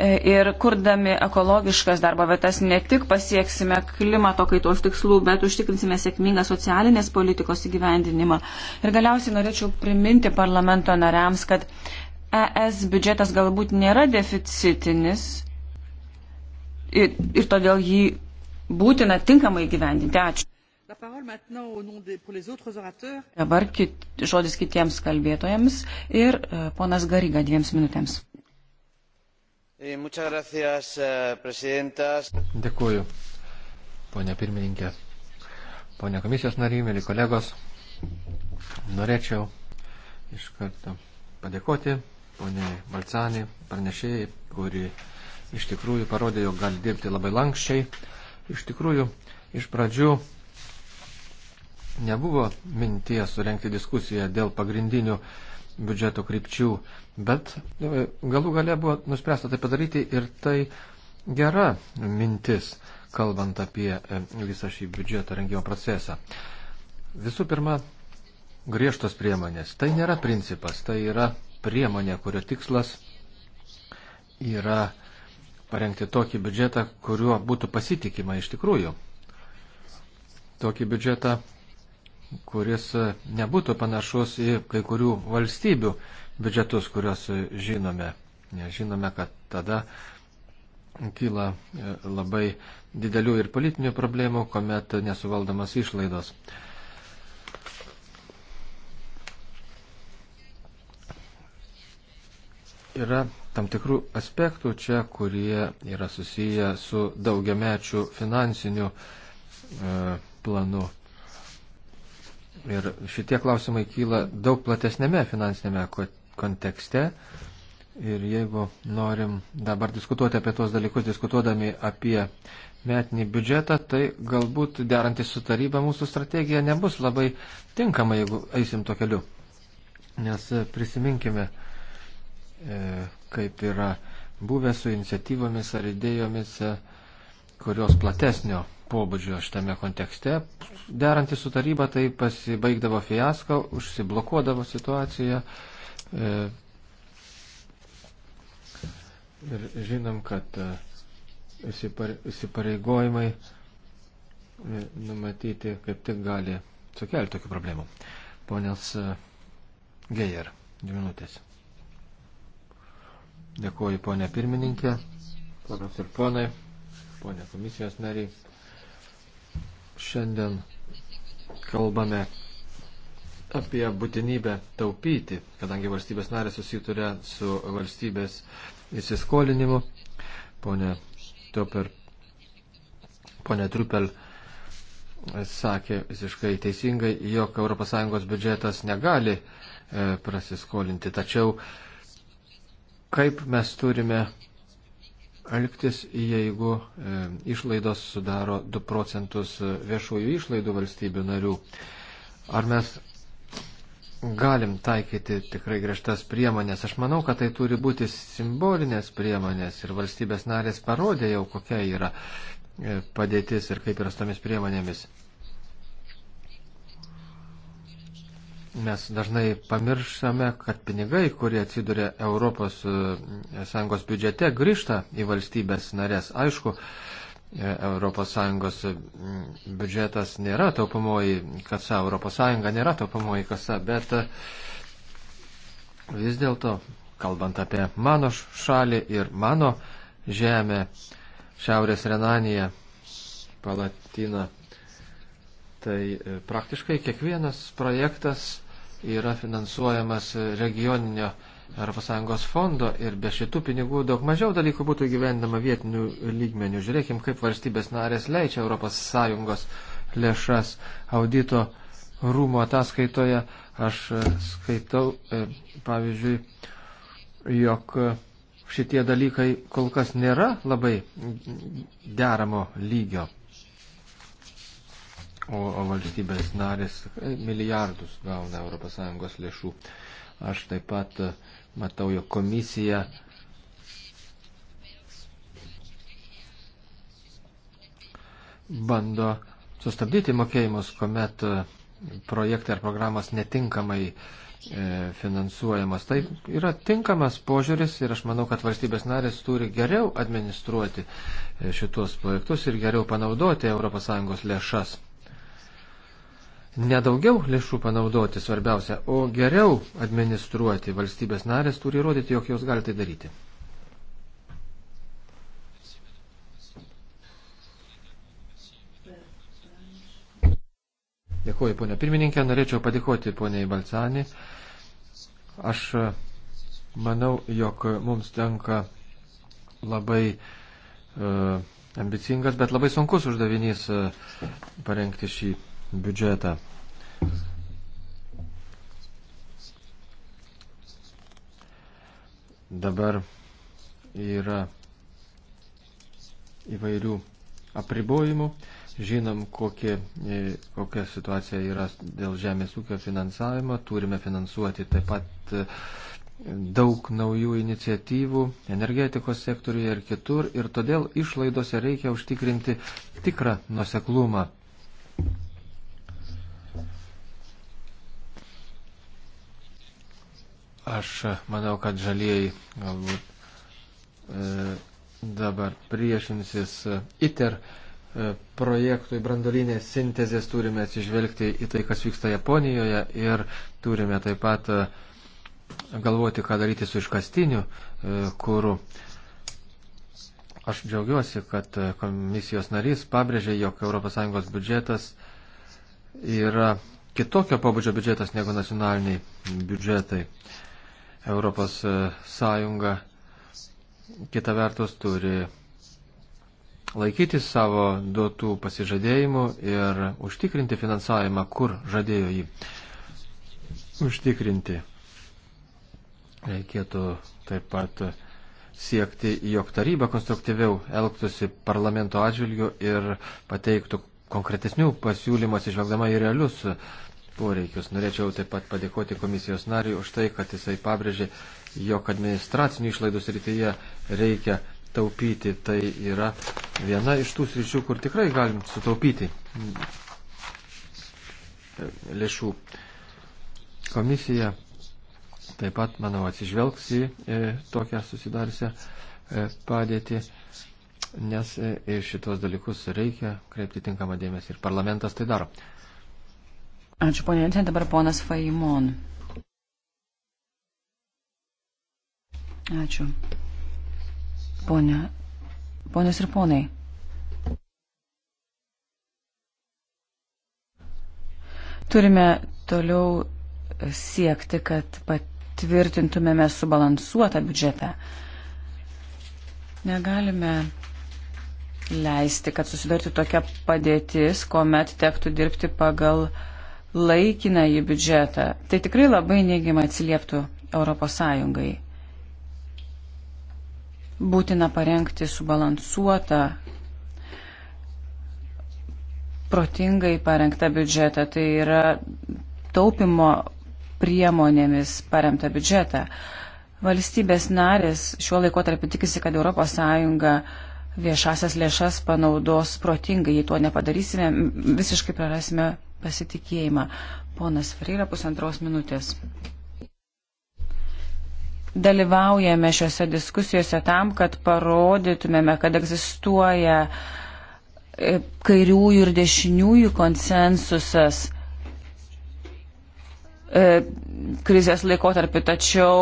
E, ir kurdami ekologiškas darbo vietas ne tik pasieksime klimato kaitos tikslų, bet užtikrinsime sėkmingą socialinės politikos įgyvendinimą. Ir galiausiai norėčiau priminti parlamento nariams, kad ES biudžetas galbūt nėra deficitinis ir, ir todėl jį būtina tinkamai gyvendinti. Ačiū. Dabar kit, žodis kitiems kalbėtojams ir e, ponas Garyga dviems minutėms. E, e, Dėkuoju, ponė pirmininkė, ponė komisijos nariai, mėly kolegos. Norėčiau iš karto padėkoti ponė Balcanį, pranešėjai, kuri iš tikrųjų parodė, jog gali dirbti labai lankščiai. Iš tikrųjų, iš pradžių nebuvo minties surenkti diskusiją dėl pagrindinių biudžeto krypčių, bet e, galų gale buvo nuspręsta tai padaryti ir tai gera mintis, kalbant apie e, visą šį biudžeto rengimo procesą. Visų pirma, griežtos priemonės. Tai nėra principas, tai yra priemonė, kurio tikslas yra parengti tokį biudžetą, kuriuo būtų pasitikima iš tikrųjų. Tokį biudžetą, kuris e, nebūtų panašus į kai kurių valstybių biudžetus, kuriuos e, žinome. Žinome, kad tada kyla e, labai didelių ir politinių problemų, kuomet nesuvaldomas išlaidos. Yra tam tikrų aspektų čia, kurie yra susiję su daugiamečiu finansiniu planu Ir šitie klausimai kyla daug platesnėme finansinėme kontekste. Ir jeigu norim dabar diskutuoti apie tos dalykus, diskutuodami apie metinį biudžetą, tai galbūt derantis su taryba mūsų strategija nebus labai tinkama, jeigu eisim to keliu. Nes e, prisiminkime, e, kaip yra buvę su iniciatyvomis ar idėjomis, e, kurios platesnio pobūdžio šitame kontekste. Derantys su taryba tai pasibaigdavo fiasko, užsiblokuodavo situaciją. E, ir žinom, kad e, įsipareigojimai e, numatyti kaip tik gali sukelti tokių problemų. Ponios Geijer, dvi minutės. Dėkuoju, ponė pirmininkė, ponas ir ponai, ponė komisijos nariai. Šiandien kalbame apie būtinybę taupyti, kadangi valstybės narės susituria su valstybės įsiskolinimu. Pone Toper, pone Trupel sakė visiškai teisingai, jog ES biudžetas negali e, prasiskolinti. Tačiau kaip mes turime elgtis, jeigu e, išlaidos sudaro 2 procentus e, viešųjų išlaidų valstybių narių? Ar mes galim taikyti tikrai griežtas priemonės? Aš manau, kad tai turi būti simbolinės priemonės ir valstybės narės parodė jau, kokia yra e, padėtis ir kaip yra su tomis priemonėmis Mes dažnai pamirštame, kad pinigai, kurie atsiduria ES e, biudžete, grįžta į valstybės narės. Aišku, ES e, biudžetas nėra taupamoji kasa, ES nėra taupamoji kasa, bet e, vis dėlto, kalbant apie mano šalį ir mano žemę, Šiaurės Renanija, Palatina, Tai praktiškai kiekvienas projektas yra finansuojamas regioninio ES fondo ir be šitų pinigų daug mažiau dalykų būtų gyvendama vietinių lygmenių. Žiūrėkim, kaip valstybės narės leidžia ES lėšas audito rūmų ataskaitoje. Aš skaitau, e, pavyzdžiui, jog šitie dalykai kol kas nėra labai deramo lygio o, o valstybės narės milijardus gauna ES lėšų. Aš taip pat e, matau, jo komisija bando sustabdyti mokėjimus, kuomet e, projektai ar programos netinkamai e, finansuojamas. Tai yra tinkamas požiūris ir aš manau, kad valstybės narės turi geriau administruoti šitos projektus ir geriau panaudoti ES lėšas nedaugiau lėšų panaudoti svarbiausia, o geriau administruoti valstybės narės turi įrodyti, jog jos gali tai daryti. Dėkuoju, ponia pirmininkė, norėčiau padėkoti poniai Balcani. Aš e, manau, jog mums tenka labai uh, ambicingas, bet labai sunkus uždavinys uh, parengti šį biudžetą. Dabar yra įvairių apribojimų. Žinom, kokie, e, kokia situacija yra dėl žemės ūkio finansavimo. Turime finansuoti taip pat e, daug naujų iniciatyvų energetikos sektoriuje ir kitur. Ir todėl išlaidose reikia užtikrinti tikrą nuseklumą. Aš manau, kad žalieji galbūt e, dabar priešinsis ITER e, projektui brandolinės sintezės, turime atsižvelgti į tai, kas vyksta Japonijoje ir turime taip pat e, galvoti, ką daryti su iškastiniu e, kūru. Aš džiaugiuosi, kad e, komisijos narys pabrėžė, jog ES biudžetas yra kitokio pabudžio biudžetas negu nacionaliniai biudžetai. E, Europos e, Sąjunga kita vertus turi laikytis savo duotų pasižadėjimų ir užtikrinti finansavimą, kur žadėjo jį užtikrinti. Reikėtų taip pat siekti, jog taryba konstruktyviau elgtųsi parlamento atžvilgiu ir pateiktų konkretesnių pasiūlymų atsižvelgdama į realius poreikius. Norėčiau taip pat padėkoti komisijos nariui už tai, kad jisai pabrėžė, jog administracinių išlaidų srityje reikia taupyti. Tai yra viena iš tų sričių, kur tikrai galim sutaupyti lėšų. Komisija taip pat, manau, atsižvelgs į e, tokią susidariusią e, padėtį, nes e, ir šitos dalykus reikia kreipti tinkamą dėmesį ir parlamentas tai daro. Ačiū, ponė Jensen, dabar ponas Faimon. Ačiū. Pone, ponios ir ponai. Turime toliau siekti, kad patvirtintumėme subalansuotą biudžetą. Negalime leisti, kad susidartų tokia padėtis, kuomet tektų dirbti pagal uh, laikiną į biudžetą, tai tikrai labai neigiamai atsilieptų ES. Būtina parengti subalansuotą, protingai parengtą biudžetą, tai yra taupimo priemonėmis paremtą biudžetą. Valstybės narės šiuo laikotarpiu tikisi, kad ES viešasias lėšas panaudos protingai. Jei to nepadarysime, visiškai prarasime pasitikėjimą. Ponas Freira, pusantros minutės. Dalyvaujame šiuose diskusijose tam, kad parodytumėme, kad egzistuoja e, kairiųjų ir dešiniųjų konsensusas e, krizės laikotarpį, tačiau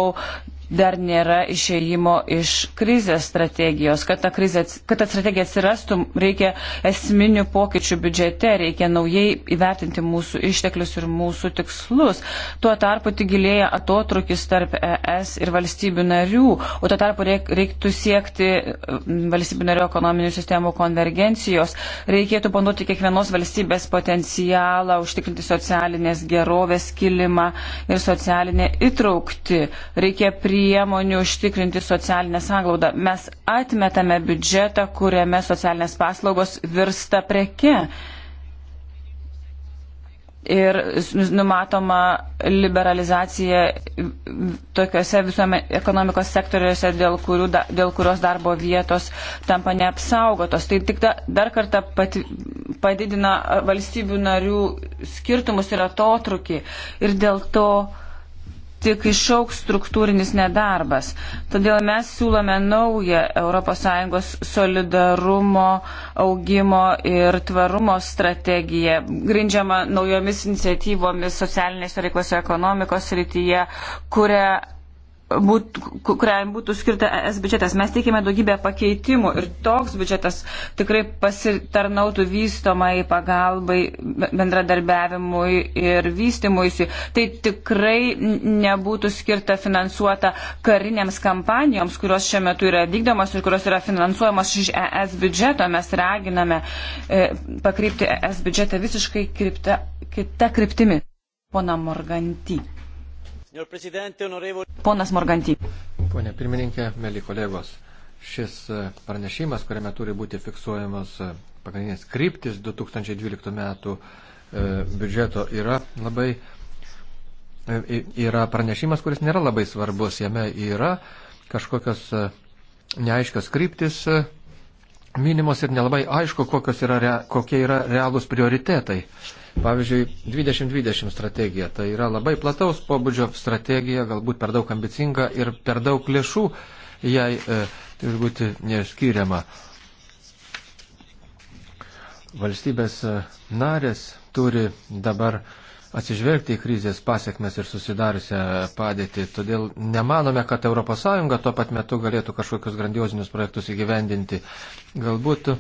dar nėra išeimo iš krizės strategijos. Kad ta, krizė, kad ta strategija atsirastų, reikia esminių pokyčių biudžete, reikia naujai įvertinti mūsų išteklius ir mūsų tikslus. Tuo tarpu tik gilėja atotrukis tarp ES ir valstybių narių, o tuo tarpu reik, reiktų siekti valstybių narių ekonominių sistemų konvergencijos, reikėtų bandoti kiekvienos valstybės potencialą, užtikrinti socialinės gerovės kilimą ir socialinę įtraukti. Reikia prie priemonių užtikrinti socialinę sąglaudą. Mes atmetame biudžetą, kuriame socialinės paslaugos virsta preke. Ir numatoma liberalizacija tokiuose visuome ekonomikos sektoriuose, dėl, kurių, dėl kurios darbo vietos tampa neapsaugotos. Tai tik da, dar kartą pat, padidina valstybių narių skirtumus ir atotrukį. Ir dėl to tik išauks struktūrinis nedarbas. Todėl mes siūlome naują ES solidarumo, augimo ir tvarumo strategiją, grindžiamą naujomis iniciatyvomis socialinėse reiklose ekonomikos rytyje, kuria būt, kuriam būtų skirta ES biudžetas. Mes teikime daugybę pakeitimų ir toks biudžetas tikrai pasitarnautų vystomai pagalbai, bendradarbiavimui ir vystimuisi. Tai tikrai nebūtų skirta finansuota karinėms kampanijoms, kurios šiuo metu yra vykdomos ir kurios yra finansuojamos iš ES biudžeto. Mes raginame e, pakreipti ES biudžetą visiškai kripta, kita kryptimi. Pona Morganti. Ponas Morganty. Pone pirmininkė, mėly kolegos, šis e, pranešimas, kuriame turi būti fiksuojamos e, pagrindinės kryptis 2012 metų e, biudžeto, yra labai. Yra pranešimas, kuris nėra labai svarbus. Jame yra kažkokios neaiškios kryptis minimos ir nelabai aišku, yra, kokie yra realūs prioritetai. Pavyzdžiui, 2020 strategija tai yra labai plataus pobūdžio strategija, galbūt per daug ambicinga ir per daug lėšų jai e, turi būti neskiriama. Valstybės e, narės turi dabar atsižvelgti į krizės pasiekmes ir susidariusią padėtį. Todėl nemanome, kad ES tuo pat metu galėtų kažkokius grandiozinius projektus įgyvendinti. Galbūt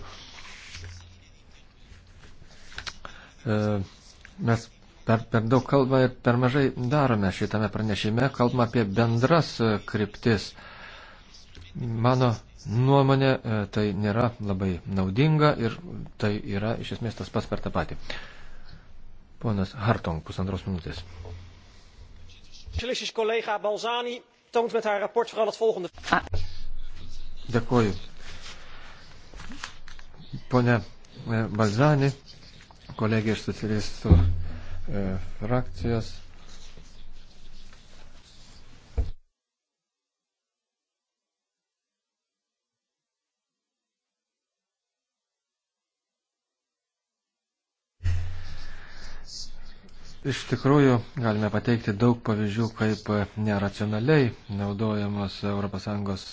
E, mes per, per daug kalbame ir per mažai darome šitame pranešime, kalbame apie bendras e, kryptis. Mano nuomonė, e, tai nėra labai naudinga ir tai yra iš esmės tas pats per tą patį. Ponas Hartong, pusantros minutės. Dėkuoju. Pone Balzani kolegė iš socialistų e, frakcijos. Iš tikrųjų, galime pateikti daug pavyzdžių, kaip neracionaliai naudojamos ES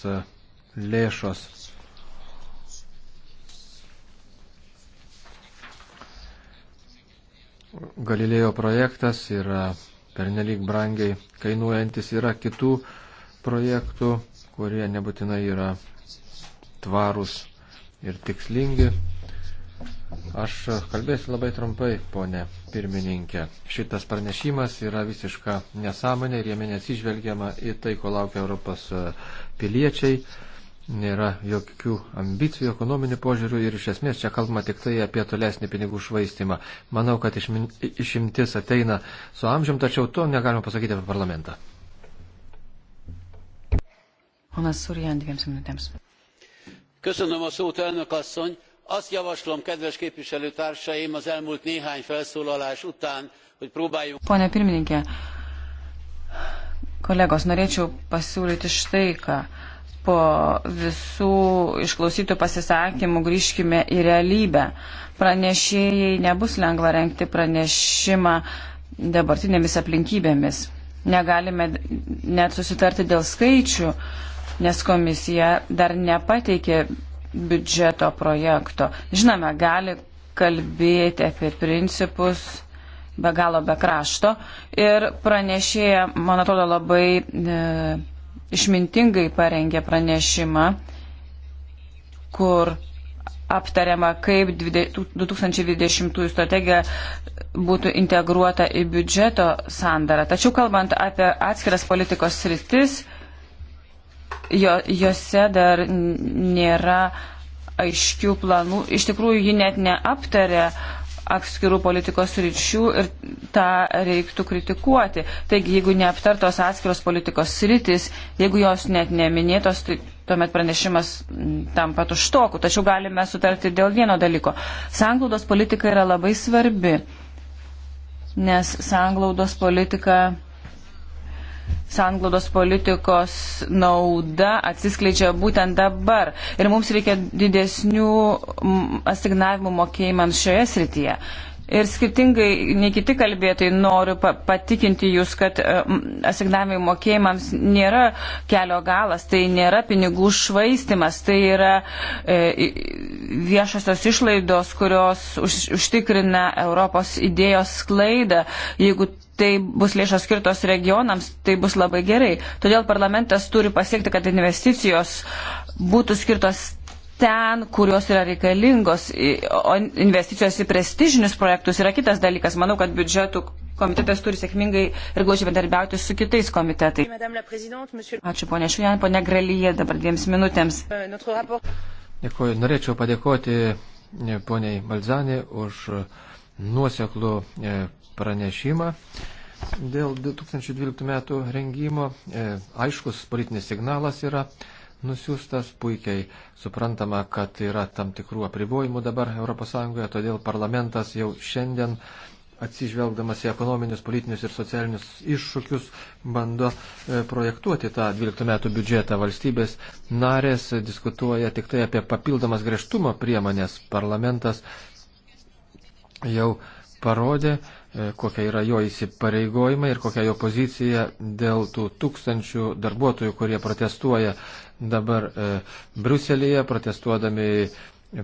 lėšos Galilėjo projektas yra pernelyg brangiai kainuojantis, yra kitų projektų, kurie nebūtinai yra tvarūs ir tikslingi. Aš kalbėsiu labai trumpai, ponė pirmininkė. Šitas pranešimas yra visiška nesąmonė ir jame nesižvelgiama į tai, ko laukia Europos piliečiai nėra jokių ambicijų ekonominių požiūrių ir iš esmės čia kalbama tik tai apie tolesnį pinigų švaistimą. Manau, kad išmin, išimtis ateina su amžium, tačiau to negalima pasakyti apie parlamentą. Ponas Surjan, dviems minutėms. Köszönöm a szót, elnök asszony. Azt javaslom, kedves képviselőtársaim, az elmúlt néhány felszólalás után, hogy próbáljunk... Pone pirmininkė, kolegos, norėčiau pasiūlyti štai ką. Uh, po visų išklausytų pasisakymų grįžkime į realybę. Pranešėjai nebus lengva renkti pranešimą dabartinėmis aplinkybėmis. Negalime net susitarti dėl skaičių, nes komisija dar nepateikė biudžeto projekto. Žinome, gali kalbėti apie principus be galo be krašto ir pranešėja, man atrodo, labai. E, išmintingai parengė pranešimą, kur aptariama, kaip 2020 strategija būtų integruota į biudžeto sandarą. Tačiau kalbant apie atskiras politikos sritis, jo, jose dar nėra aiškių planų. Iš tikrųjų, ji net neaptarė uh, atskirų politikos ryčių ir tą reiktų kritikuoti. Taigi, jeigu neaptartos atskiros politikos rytis, jeigu jos net neminėtos, tai tuomet pranešimas mm, tam pat užtokų. Tačiau galime sutarti dėl vieno dalyko. Sanglaudos politika yra labai svarbi, nes sanglaudos politika sanglaudos politikos nauda atsiskleidžia būtent dabar. Ir mums reikia didesnių mm, asignavimų mokėjimams šioje srityje. Ir skirtingai nei kiti kalbėtojai noriu patikinti jūs, kad e, asignavimai mokėjimams nėra kelio galas, tai nėra pinigų švaistimas, tai yra e, viešosios išlaidos, kurios užtikrina Europos idėjos sklaidą. Jeigu tai bus lėšos skirtos regionams, tai bus labai gerai. Todėl parlamentas turi pasiekti, kad investicijos būtų skirtos ten, kurios yra reikalingos, o investicijos į prestižinius projektus yra kitas dalykas. Manau, kad biudžetų komitetas turi sėkmingai ir glaudžiai bendarbiauti su kitais komitetais. Ačiū ponia Šujan, ponia Gralyje, dabar dviems minutėms. Euh, Dėkuoju. Norėčiau padėkoti e, poniai Balzanė už e, nuoseklų e, pranešimą dėl 2012 metų rengimo. Aiškus politinis signalas yra nusiųstas, puikiai suprantama, kad yra tam tikrų apribojimų dabar ES, todėl parlamentas jau šiandien atsižvelgdamas į ekonominius, politinius ir socialinius iššūkius, bando e, projektuoti tą 12 metų biudžetą. Valstybės narės diskutuoja tik tai apie papildomas griežtumo priemonės. Parlamentas jau parodė, E, kokie yra jo įsipareigojimai ir kokia jo pozicija dėl tų tūkstančių darbuotojų, kurie protestuoja dabar e, Bruselėje, protestuodami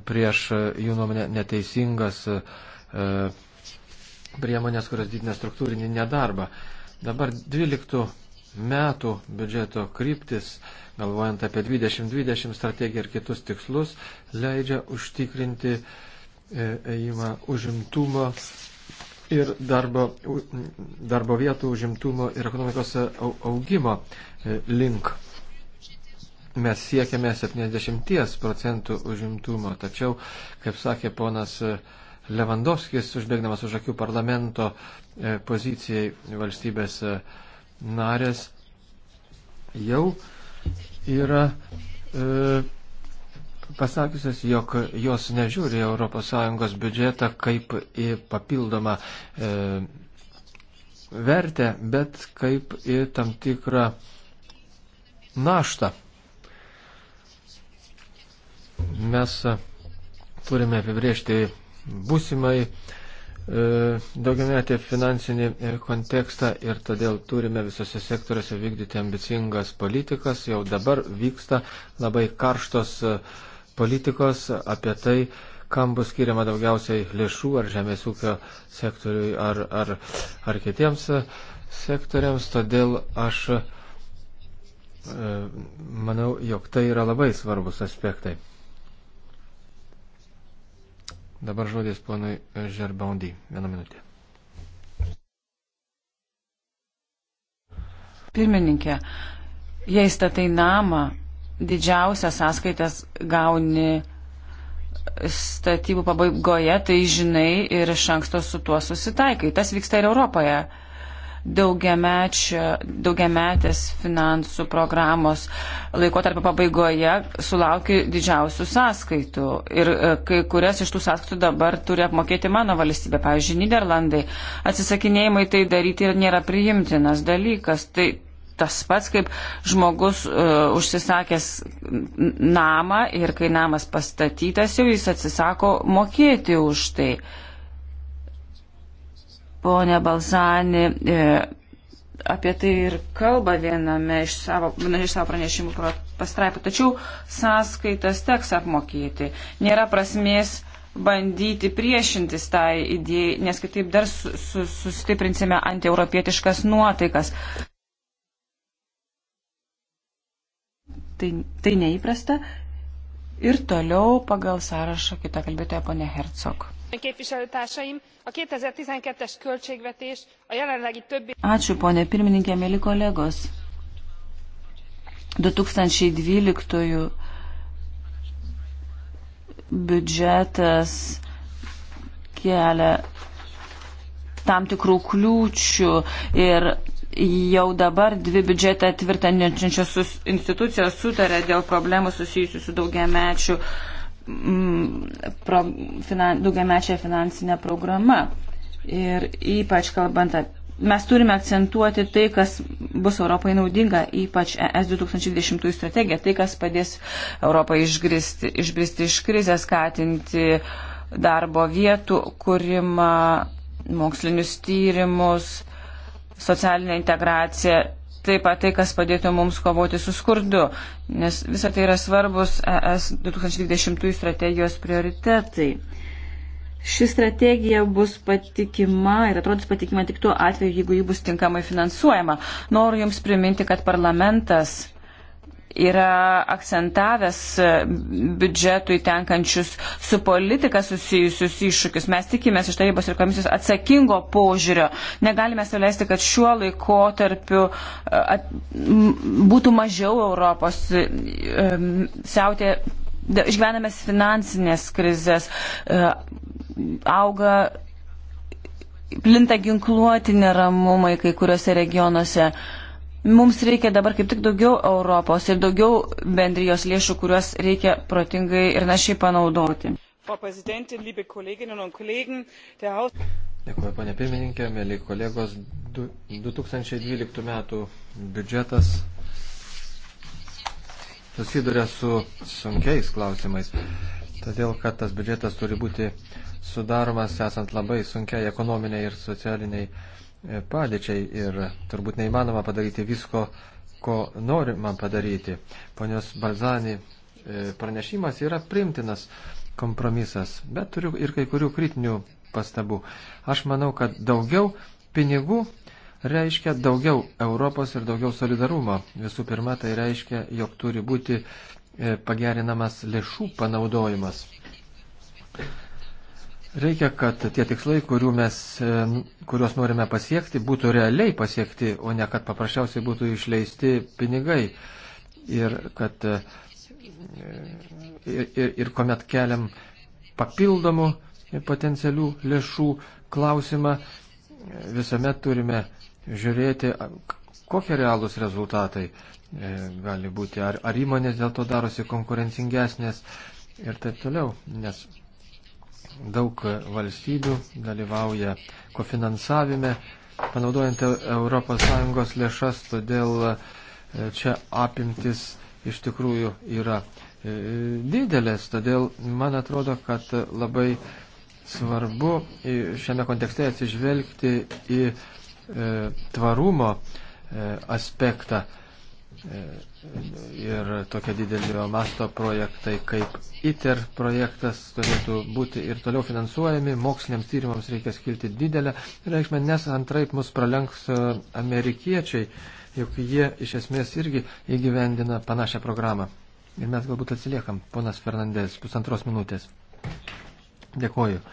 prieš e, jų nuomonę neteisingas priemonės, kurios didina struktūrinį nedarbą. Dabar 12 metų biudžeto kryptis, galvojant apie 2020 strategiją ir kitus tikslus, leidžia užtikrinti ėjimą užimtumo ir darbo, darbo vietų užimtumo ir ekonomikos e, augimo e, link. Mes siekiame 70 procentų užimtumo, tačiau, kaip sakė ponas e, Levandovskis, užbėgdamas už akių parlamento pozicijai valstybės narės, jau yra e, pasakysios, jog jos nežiūri ES biudžetą kaip į papildomą e, vertę, bet kaip į tam tikrą naštą. Mes turime apibriežti būsimai e, daugiametį finansinį kontekstą ir todėl turime visose sektoriuose vykdyti ambicingas politikas. Jau dabar vyksta labai karštos uh, politikos, apie tai, kam bus skiriama daugiausiai lėšų, ar žemės ūkio sektoriui, ar, ar, ar kitiems sektoriams. Todėl aš e, manau, jog tai yra labai svarbus aspektai. Dabar žodis ponui Žerbaundy. Vieną minutę. Pirmininkė, jei statai namą, didžiausias sąskaitas gauni statybų pabaigoje, tai žinai ir iš anksto su tuo susitaikai. Tas vyksta ir Europoje. Daugiametės finansų programos laikotarpio pabaigoje sulauki didžiausių sąskaitų. Ir e, kai kurias iš tų sąskaitų dabar turi apmokėti mano valstybė. Pavyzdžiui, Niderlandai atsisakinėjimai tai daryti ir nėra priimtinas dalykas. Tai tas pats, kaip žmogus uh, užsisakęs namą ir kai namas pastatytas, jau jis atsisako mokėti už tai. Pone Balzani, uh, apie tai ir kalba viename iš savo, iš savo pranešimų pastraipų, tačiau sąskaitas teks apmokėti. Nėra prasmės bandyti priešintis tai idėjai, nes kitaip dar su, su, sustiprinsime antieuropietiškas nuotaikas. tai, tai neįprasta. Ir toliau pagal sąrašą kita kalbėtoja ponė Hercog. Ačiū ponė pirmininkė, mėly kolegos. 2012 biudžetas kelia tam tikrų kliūčių ir jau dabar dvi biudžetą tvirtinančios institucijos sutarė dėl problemų susijusių su daugiamečiu mm, pro, finan, daugiamečia finansinė programa. Ir ypač kalbant apie. Mes turime akcentuoti tai, kas bus Europai naudinga, ypač ES 2020 strategija, tai, kas padės Europai išgristi, išbristi iš krizės, skatinti darbo vietų kūrimą, mokslinius tyrimus, socialinė integracija, taip pat tai, kas padėtų mums kovoti su skurdu, nes visa tai yra svarbus ES 2020 strategijos prioritetai. Ši strategija bus patikima ir atrodys patikima tik tuo atveju, jeigu ji bus tinkamai finansuojama. Noriu Jums priminti, kad parlamentas yra akcentavęs biudžetui tenkančius su politika susijusius iššūkius. Mes tikimės iš tarybos ir komisijos atsakingo požiūrio. Negalime suleisti, kad šiuo laikotarpiu at, būtų mažiau Europos siautė. Išgyvename finansinės krizės, e, auga, plinta ginkluoti neramumai kai kuriuose regionuose. Mums reikia dabar kaip tik daugiau Europos ir daugiau bendrijos lėšų, kuriuos reikia protingai ir našiai panaudoti. Dėkuoju, ponė pirmininkė, mėly kolegos. 2012 m. biudžetas susiduria su sunkiais klausimais, todėl kad tas biudžetas turi būti sudaromas esant labai sunkiai ekonominiai ir socialiniai padėčiai ir turbūt neįmanoma padaryti visko, ko norima padaryti. Ponios Balzani e, pranešimas yra primtinas kompromisas, bet turiu ir kai kurių kritinių pastabų. Aš manau, kad daugiau pinigų reiškia daugiau Europos ir daugiau solidarumo. Visų pirma, tai reiškia, jog turi būti e, pagerinamas lėšų panaudojimas. Reikia, kad tie tikslai, mes, e, kuriuos norime pasiekti, būtų realiai pasiekti, o ne kad paprasčiausiai būtų išleisti pinigai. Ir, kad, e, ir, ir, ir kuomet keliam papildomų potencialių lėšų klausimą, visuomet turime žiūrėti, kokie realūs rezultatai e, gali būti, ar, ar įmonės dėl to darosi konkurencingesnės ir taip toliau. Nes Daug valstybių dalyvauja kofinansavime, panaudojant ES lėšas, todėl e, čia apimtis iš tikrųjų yra e, didelės, todėl man atrodo, kad labai svarbu e, šiame kontekste atsižvelgti į tvarumo aspektą ir tokio didelio masto projektai kaip ITER projektas turėtų būti ir toliau finansuojami, moksliniams tyrimams reikia skilti didelę reikšmę, nes antraip mus pralenks e, amerikiečiai, juk jie iš esmės irgi įgyvendina panašią programą. Ir mes galbūt atsiliekam, ponas Fernandės, pusantros minutės. Dėkoju.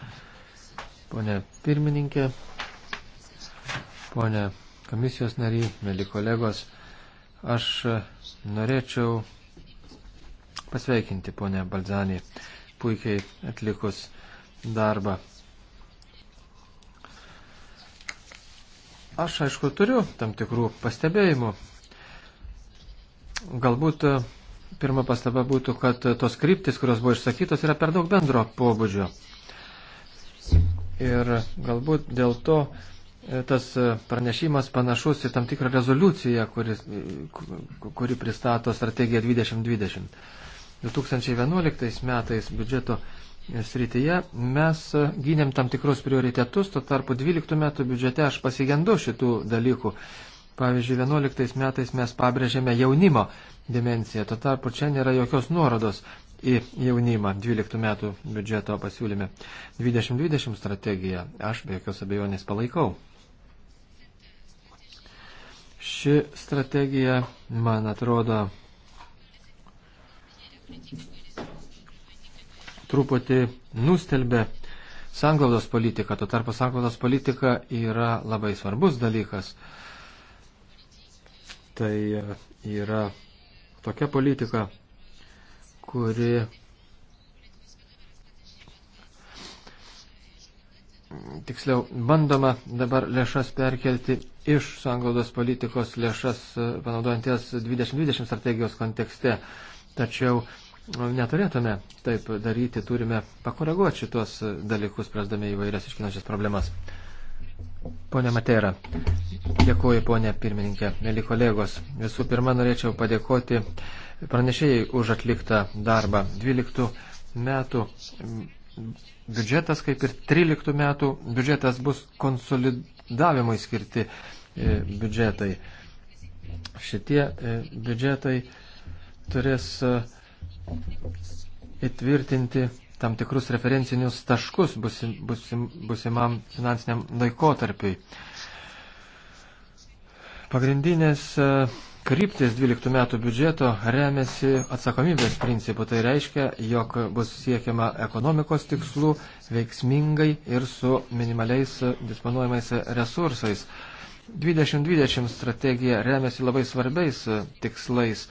Pone pirmininkė, pone komisijos nariai, mėly kolegos. Aš norėčiau pasveikinti ponę Balzanį puikiai atlikus darbą. Aš, aišku, turiu tam tikrų pastebėjimų. Galbūt e, pirma pastaba būtų, kad tos kryptis, kurios buvo išsakytos, yra per daug bendro pobūdžio. Ir galbūt dėl to E, tas e, pranešimas panašus į tam tikrą rezoliuciją, kuri, e, kuri pristato strategiją 2020. 2011 metais biudžeto srityje mes gynėm tam tikrus prioritetus, tuo tarpu 12 metų biudžete aš pasigendu šitų dalykų. Pavyzdžiui, 11 metais mes pabrėžėme jaunimo dimenciją, tuo tarpu čia nėra jokios nuorodos į jaunimą 12 metų biudžeto pasiūlyme. 2020 strategiją aš be jokios abejonės palaikau. Ši strategija, man atrodo, truputį nustelbė sanglaudos politiką. Tuo tarpu sanglaudos politika yra labai svarbus dalykas. Tai yra tokia politika, kuri tiksliau, bandoma dabar lėšas perkelti iš sanglaudos politikos lėšas e, panaudojanties 2020 strategijos kontekste. Tačiau e, neturėtume taip daryti, turime pakoreguoti šitos e, dalykus, prasdami įvairias iškinančias problemas. Pone Matera, dėkuoju ponė pirmininkė, mėly kolegos. Visų pirma, norėčiau padėkoti pranešėjai už atliktą darbą. 12 metų biudžetas, kaip ir 13 metų biudžetas bus konsolidavimui skirti e, biudžetai. Šitie e, biudžetai turės e, įtvirtinti tam tikrus referencinius taškus busim, busim, busimam finansiniam laikotarpiui. Pagrindinės uh, Kryptis 12 metų biudžeto remiasi atsakomybės principu. Tai reiškia, jog bus siekiama ekonomikos tikslų veiksmingai ir su minimaliais disponuojamais resursais. 2020 strategija remiasi labai svarbiais tikslais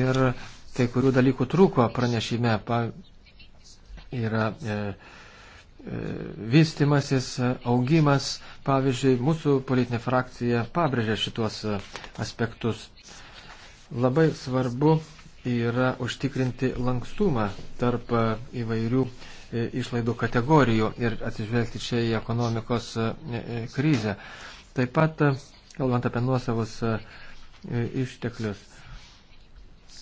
ir kai kurių dalykų trūko pranešime. Pa, yra, e, vystimasis, augimas. Pavyzdžiui, mūsų politinė frakcija pabrėžia šitos e, aspektus. Labai svarbu yra užtikrinti lankstumą tarp e, įvairių e, išlaidų kategorijų ir atsižvelgti čia į ekonomikos krizę. Taip pat, kalbant apie nuosavus išteklius,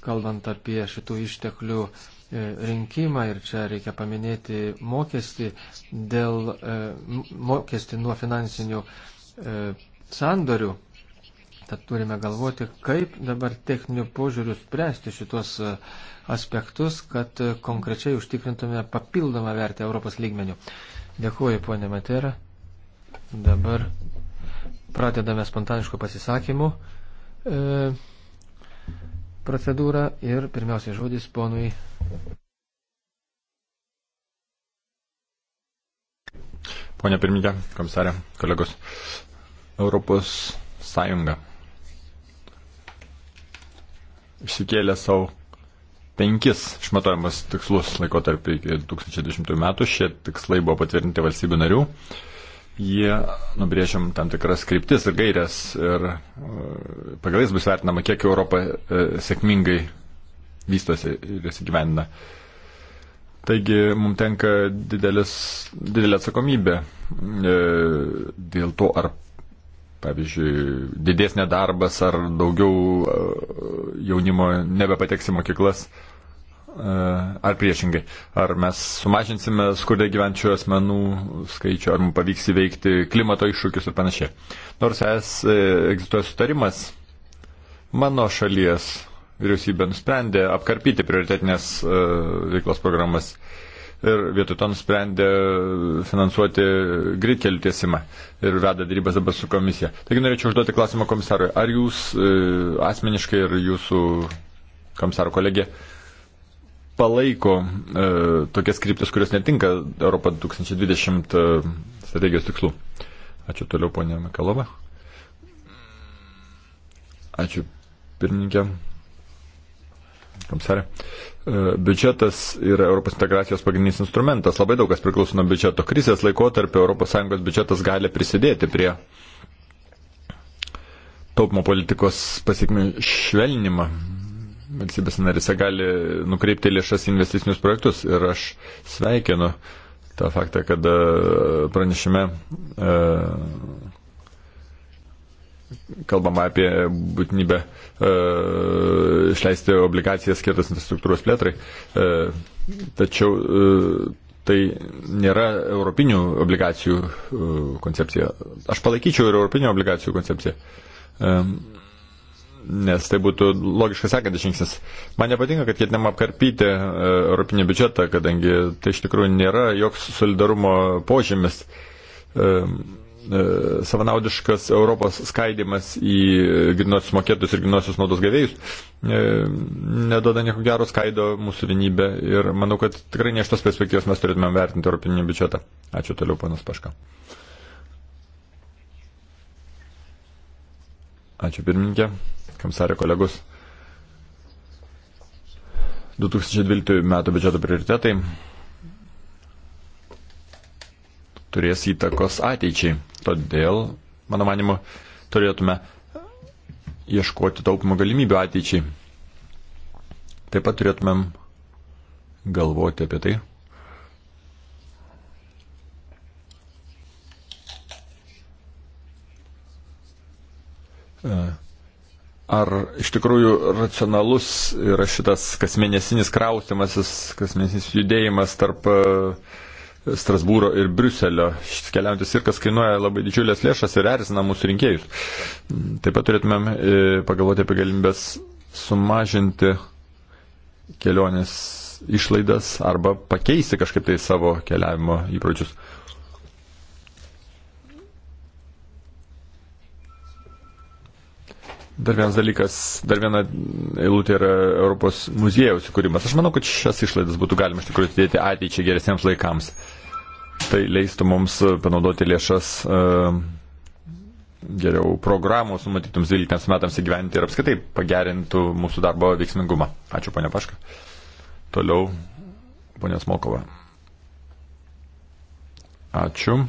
kalbant apie šitų išteklių E, rinkimą ir čia reikia paminėti mokestį, dėl, e, mokestį nuo finansinių e, sandorių. Tad turime galvoti, kaip dabar techninių požiūrių spręsti šitos aspektus, kad konkrečiai užtikrintume papildomą vertę Europos lygmenių. Dėkuoju, ponė Matera. Dabar pradedame spontaniškų pasisakymų. E, procedūrą ir pirmiausia žodis ponui. Pone pirmininkė, komisarė, kolegos, Europos Sąjunga išsikėlė savo penkis išmatuojamas tikslus laikotarpį iki 2020 metų. Šie tikslai buvo patvirtinti valstybių narių. Uh, jie nubrėžiam tam tikras kryptis ir gairias ir e, pagal jais bus vertinama, kiek Europa e, sėkmingai vystosi ir įsigyvendina. Taigi mums tenka didelis, didelė atsakomybė e, dėl to, ar, pavyzdžiui, didės nedarbas ar daugiau jaunimo nebepateks į mokyklas ar priešingai, ar mes sumažinsime skurdė gyvenčių asmenų skaičių, ar mums pavyks įveikti klimato iššūkius ir panašiai. Nors es e, egzistuoja sutarimas, mano šalies vyriausybė nusprendė apkarpyti prioritetinės e, veiklos programas ir vietoj to nusprendė finansuoti greitkelių tiesimą ir veda darybas dabar su komisija. Taigi norėčiau užduoti klausimą komisarui. Ar jūs e, asmeniškai ir jūsų komisaro kolegė e, palaiko e, tokias kryptis, kurios netinka Europą 2020 e, strategijos tikslų. Ačiū toliau, ponė Mekalova. Ačiū pirmininkė. Komisarė. E, biudžetas yra Europos integracijos pagrindinis instrumentas. Labai daug kas priklauso nuo biudžeto. Krizės laikotarpio ES biudžetas gali prisidėti prie taupimo politikos pasiekmių švelnimą valstybės narise gali nukreipti lėšas investicinius projektus. Ir aš sveikinu tą faktą, kad e, pranešime e, kalbama apie būtinybę e, išleisti obligacijas skirtas infrastruktūros plėtrai. Tačiau tai nėra europinių obligacijų koncepcija. Aš palaikyčiau ir europinių obligacijų koncepciją nes tai būtų logiškas sekantis žingsnis. Man nepatinka, kad ketinama apkarpyti e, europinį biudžetą, kadangi tai iš tikrųjų nėra joks solidarumo požymis. E, e, savanaudiškas Europos skaidimas į grinuosius mokėtus ir grinuosius naudos gavėjus neduoda nieko gero, skaido mūsų vienybę ir manau, kad tikrai ne iš tos perspektyvos mes turėtume vertinti europinį biudžetą. Ačiū toliau, panas Paška. Ačiū pirmininkė komisarė kolegos. 2012 metų biudžeto prioritetai turės įtakos ateičiai. Todėl, mano manimu, turėtume ieškoti taupimo galimybių ateičiai. Taip pat turėtumėm galvoti apie tai, Ar iš tikrųjų racionalus yra šitas kasmėnesinis kraustimasis, kasmėnesinis judėjimas tarp e, Strasbūro ir Briuselio. Šis keliaujantis cirkas kainuoja labai didžiulės lėšas ir erzina mūsų rinkėjus. Taip pat turėtumėm e, pagalvoti apie galimybės sumažinti kelionės išlaidas arba pakeisti kažkaip tai savo keliavimo įpročius. Dar vienas dalykas, dar viena eilutė yra Europos muziejaus įkūrimas. Aš manau, kad šias išlaidas būtų galima iš tikrųjų atidėti ateičiai geresniems laikams. Tai leistų mums panaudoti lėšas uh, geriau programų sumatytums 12 metams įgyventi ir apskaitai pagerintų mūsų darbo veiksmingumą. Ačiū, ponia Paška. Toliau, ponia Smokova. Ačiū.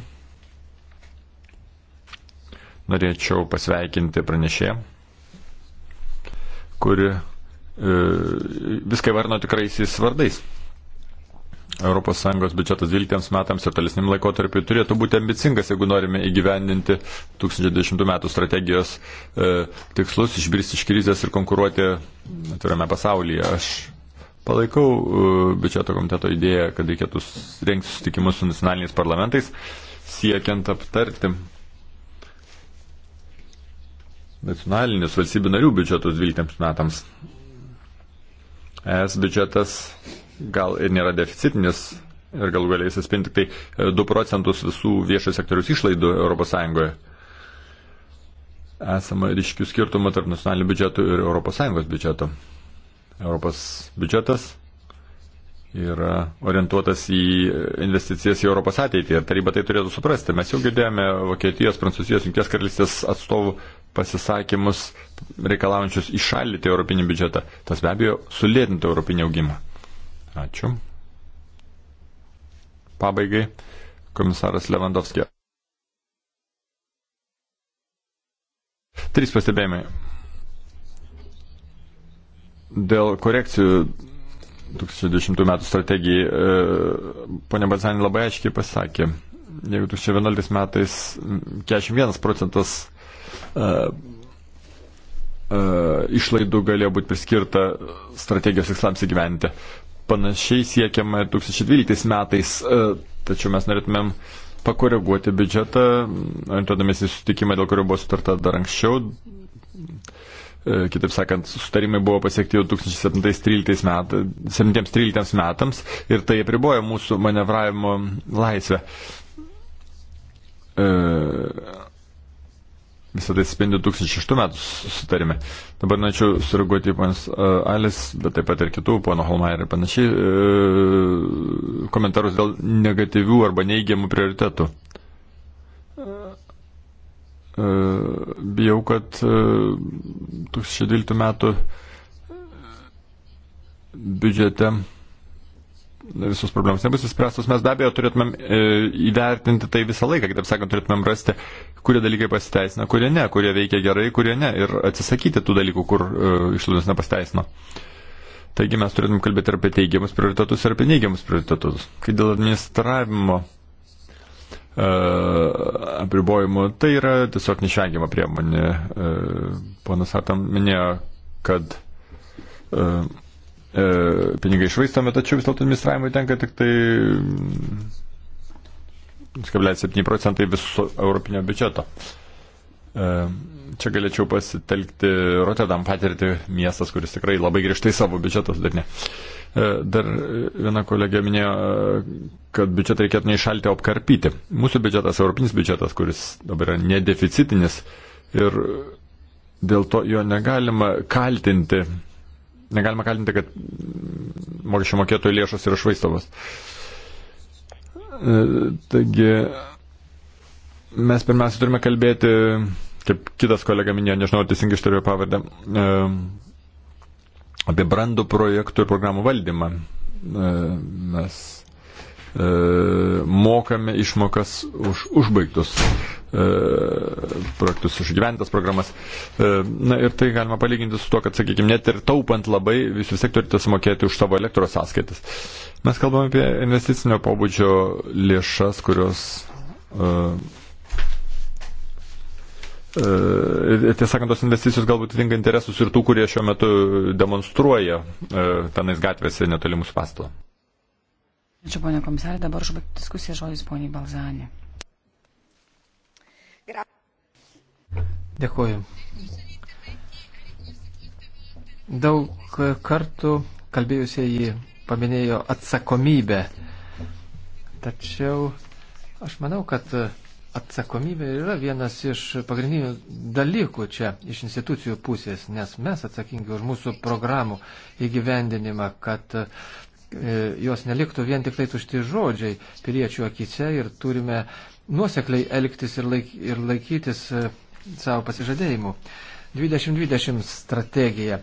Norėčiau pasveikinti pranešėją kuri e, viską varno tikraisiais vardais. ES biudžetas 12 metams ir tolesniam laikotarpiu turėtų būti ambicingas, jeigu norime įgyvendinti 2010 metų strategijos e, tikslus, išbristi iš krizės ir konkuruoti atvirame pasaulyje. Aš palaikau e, biudžeto komiteto idėją, kad reikėtų rengti susitikimus su nacionaliniais parlamentais, siekiant aptarti nacionalinius valstybių narių biudžetus 12 metams. ES biudžetas gal ir nėra deficitinis ir gal galiai įsispinti tik tai 2 procentus visų viešo sektoriaus išlaidų ES. Esama ryškių skirtumų tarp nacionalinių biudžetų ir ES biudžeto. Europos biudžetas yra orientuotas į investicijas į Europos ateitį. Ir taryba tai turėtų suprasti. Mes jau girdėjome Vokietijos, Prancūzijos, Junkties karalystės atstovų pasisakymus reikalaujančius išalyti europinį biudžetą. Tas be abejo sulėtintų europinį augimą. Ačiū. Pabaigai komisaras Levandovskė. Trys pastebėjimai. Dėl korekcijų 2010 metų strategijai e, ponia Bazanė labai aiškiai pasakė, jeigu 2011 metais 41 procentas išlaidų galėjo būti priskirta strategijos tikslams įgyventi. Panašiai siekiama ir 2012 metais, tačiau mes norėtumėm pakoreguoti biudžetą, orientuodamės į sutikimą, dėl kurio buvo sutarta dar anksčiau. E, kitaip sakant, sustarimai buvo pasiekti jau 2017-2013 metais, metams ir tai apriboja mūsų manevravimo laisvę. E, Visą tai spindi 2006 metų susitarime. Dabar norėčiau sureaguoti į ponas e, Alis, bet taip pat ir kitų, pono Holmair ir panašiai, e, komentarus dėl negatyvių arba neįgiamų prioritetų. E, e, bijau, kad e, 2012 metų biudžete visus problemus nebus įspręstos, mes be abejo turėtumėm e, įvertinti tai visą laiką, kitaip sakant, turėtumėm rasti, kurie dalykai pasiteisina, kurie ne, kurie veikia gerai, kurie ne, ir atsisakyti tų dalykų, kur e, išlaidos nepasiteisina. Taigi mes turėtum kalbėti ir apie teigiamus prioritetus, ir apie neigiamus prioritetus. Kai dėl administravimo e, apribojimų, tai yra tiesiog neišvengiama priemonė. E, ponas Artam minėjo, kad e, E, pinigai išvaistome, tačiau vis dėlto administravimui tenka tik tai 1,7 mm, procentai viso europinio biudžeto. E, čia galėčiau pasitelkti Rotterdam patirtį miestas, kuris tikrai labai griežtai savo biudžetas dar ne. Dar viena kolegė minėjo, e, kad biudžetą reikėtų neišalti, o apkarpyti. Mūsų biudžetas, europinis biudžetas, kuris dabar yra nedeficitinis ir dėl to jo negalima kaltinti negalima kaltinti, kad mokesčių mokėtojų lėšos yra švaistovas. E, taigi mes pirmiausia turime kalbėti, kaip kitas kolega minėjo, nežinau, teisingai ištariu pavardę, e, apie brandų projektų ir programų valdymą. E, mes mokame išmokas už užbaigtus E, projektus, išgyventas programas. E, na ir tai galima palyginti su to, kad, sakykime, net ir taupant labai, jūs vis tiek turite sumokėti už savo elektros sąskaitas. Mes kalbame apie investicinio pobūdžio lėšas, kurios. Uh, Ir tiesą sakant, tos investicijos galbūt tinka interesus ir tų, kurie šiuo metu demonstruoja tenais gatvėse netoli mūsų pastato. Ačiū, ponia komisarė, dabar užbaigti diskusiją žodis poniai Balzanė. Dėkuoju. Daug kartų kalbėjusieji paminėjo atsakomybę. Tačiau aš manau, kad atsakomybė yra vienas iš pagrindinių dalykų čia iš institucijų pusės, nes mes atsakingi už mūsų programų įgyvendinimą, kad e, jos neliktų vien tik tai tušti žodžiai piliečių akise ir turime nuosekliai elgtis ir, laik, ir laikytis e, savo pasižadėjimų. 2020 strategija.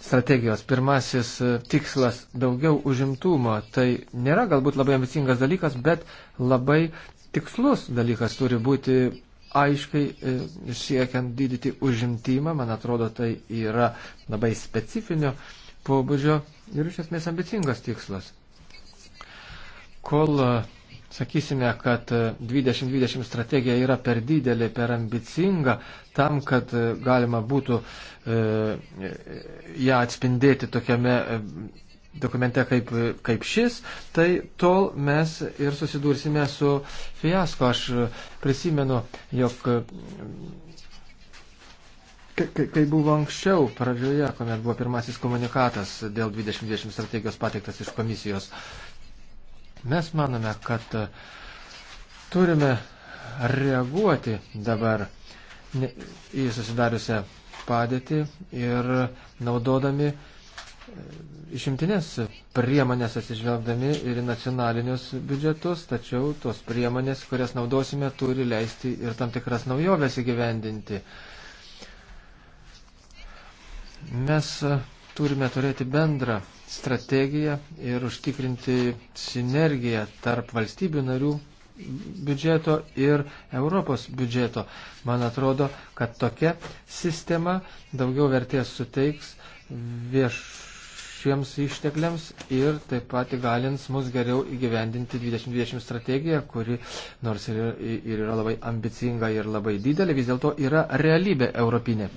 Strategijos pirmasis e, tikslas - daugiau užimtumo. Tai nėra galbūt labai ambicingas dalykas, bet labai tikslus dalykas turi būti aiškiai e, siekiant didyti užimtymą. Man atrodo, tai yra labai specifinio pobūdžio ir iš esmės ambicingas tikslas. Kol sakysime, kad 2020 e, strategija yra per didelė, per ambicinga tam, kad e, galima būtų e, ją atspindėti tokiame dokumente kaip, kaip šis, tai tol mes ir susidursime su fiasko. Aš prisimenu, jog kai buvo anksčiau, pradžioje, kuomet buvo pirmasis komunikatas dėl 2020 strategijos pateiktas iš komisijos, uh, Mes manome, kad e, turime reaguoti dabar į susidariusią padėtį ir naudodami e, išimtinės priemonės atsižvelgdami ir į nacionalinius biudžetus, tačiau tos priemonės, kurias naudosime, turi leisti ir tam tikras naujoves įgyvendinti. Mes e, turime turėti bendrą strategiją ir užtikrinti sinergiją tarp valstybių narių biudžeto ir Europos biudžeto. Man atrodo, kad tokia sistema daugiau vertės suteiks viešiems ištekliams ir taip pat įgalins mus geriau įgyvendinti 2020 strategiją, kuri nors ir, ir yra labai ambicinga ir labai didelė, vis dėlto yra realybė europinė.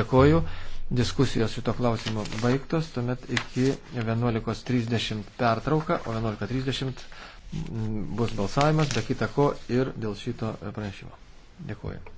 Dėkoju. Diskusijos šito klausimo baigtos, tuomet iki 11.30 pertrauka, o 11.30 bus balsavimas, be kita ko ir dėl šito pranešimo. Dėkuoju.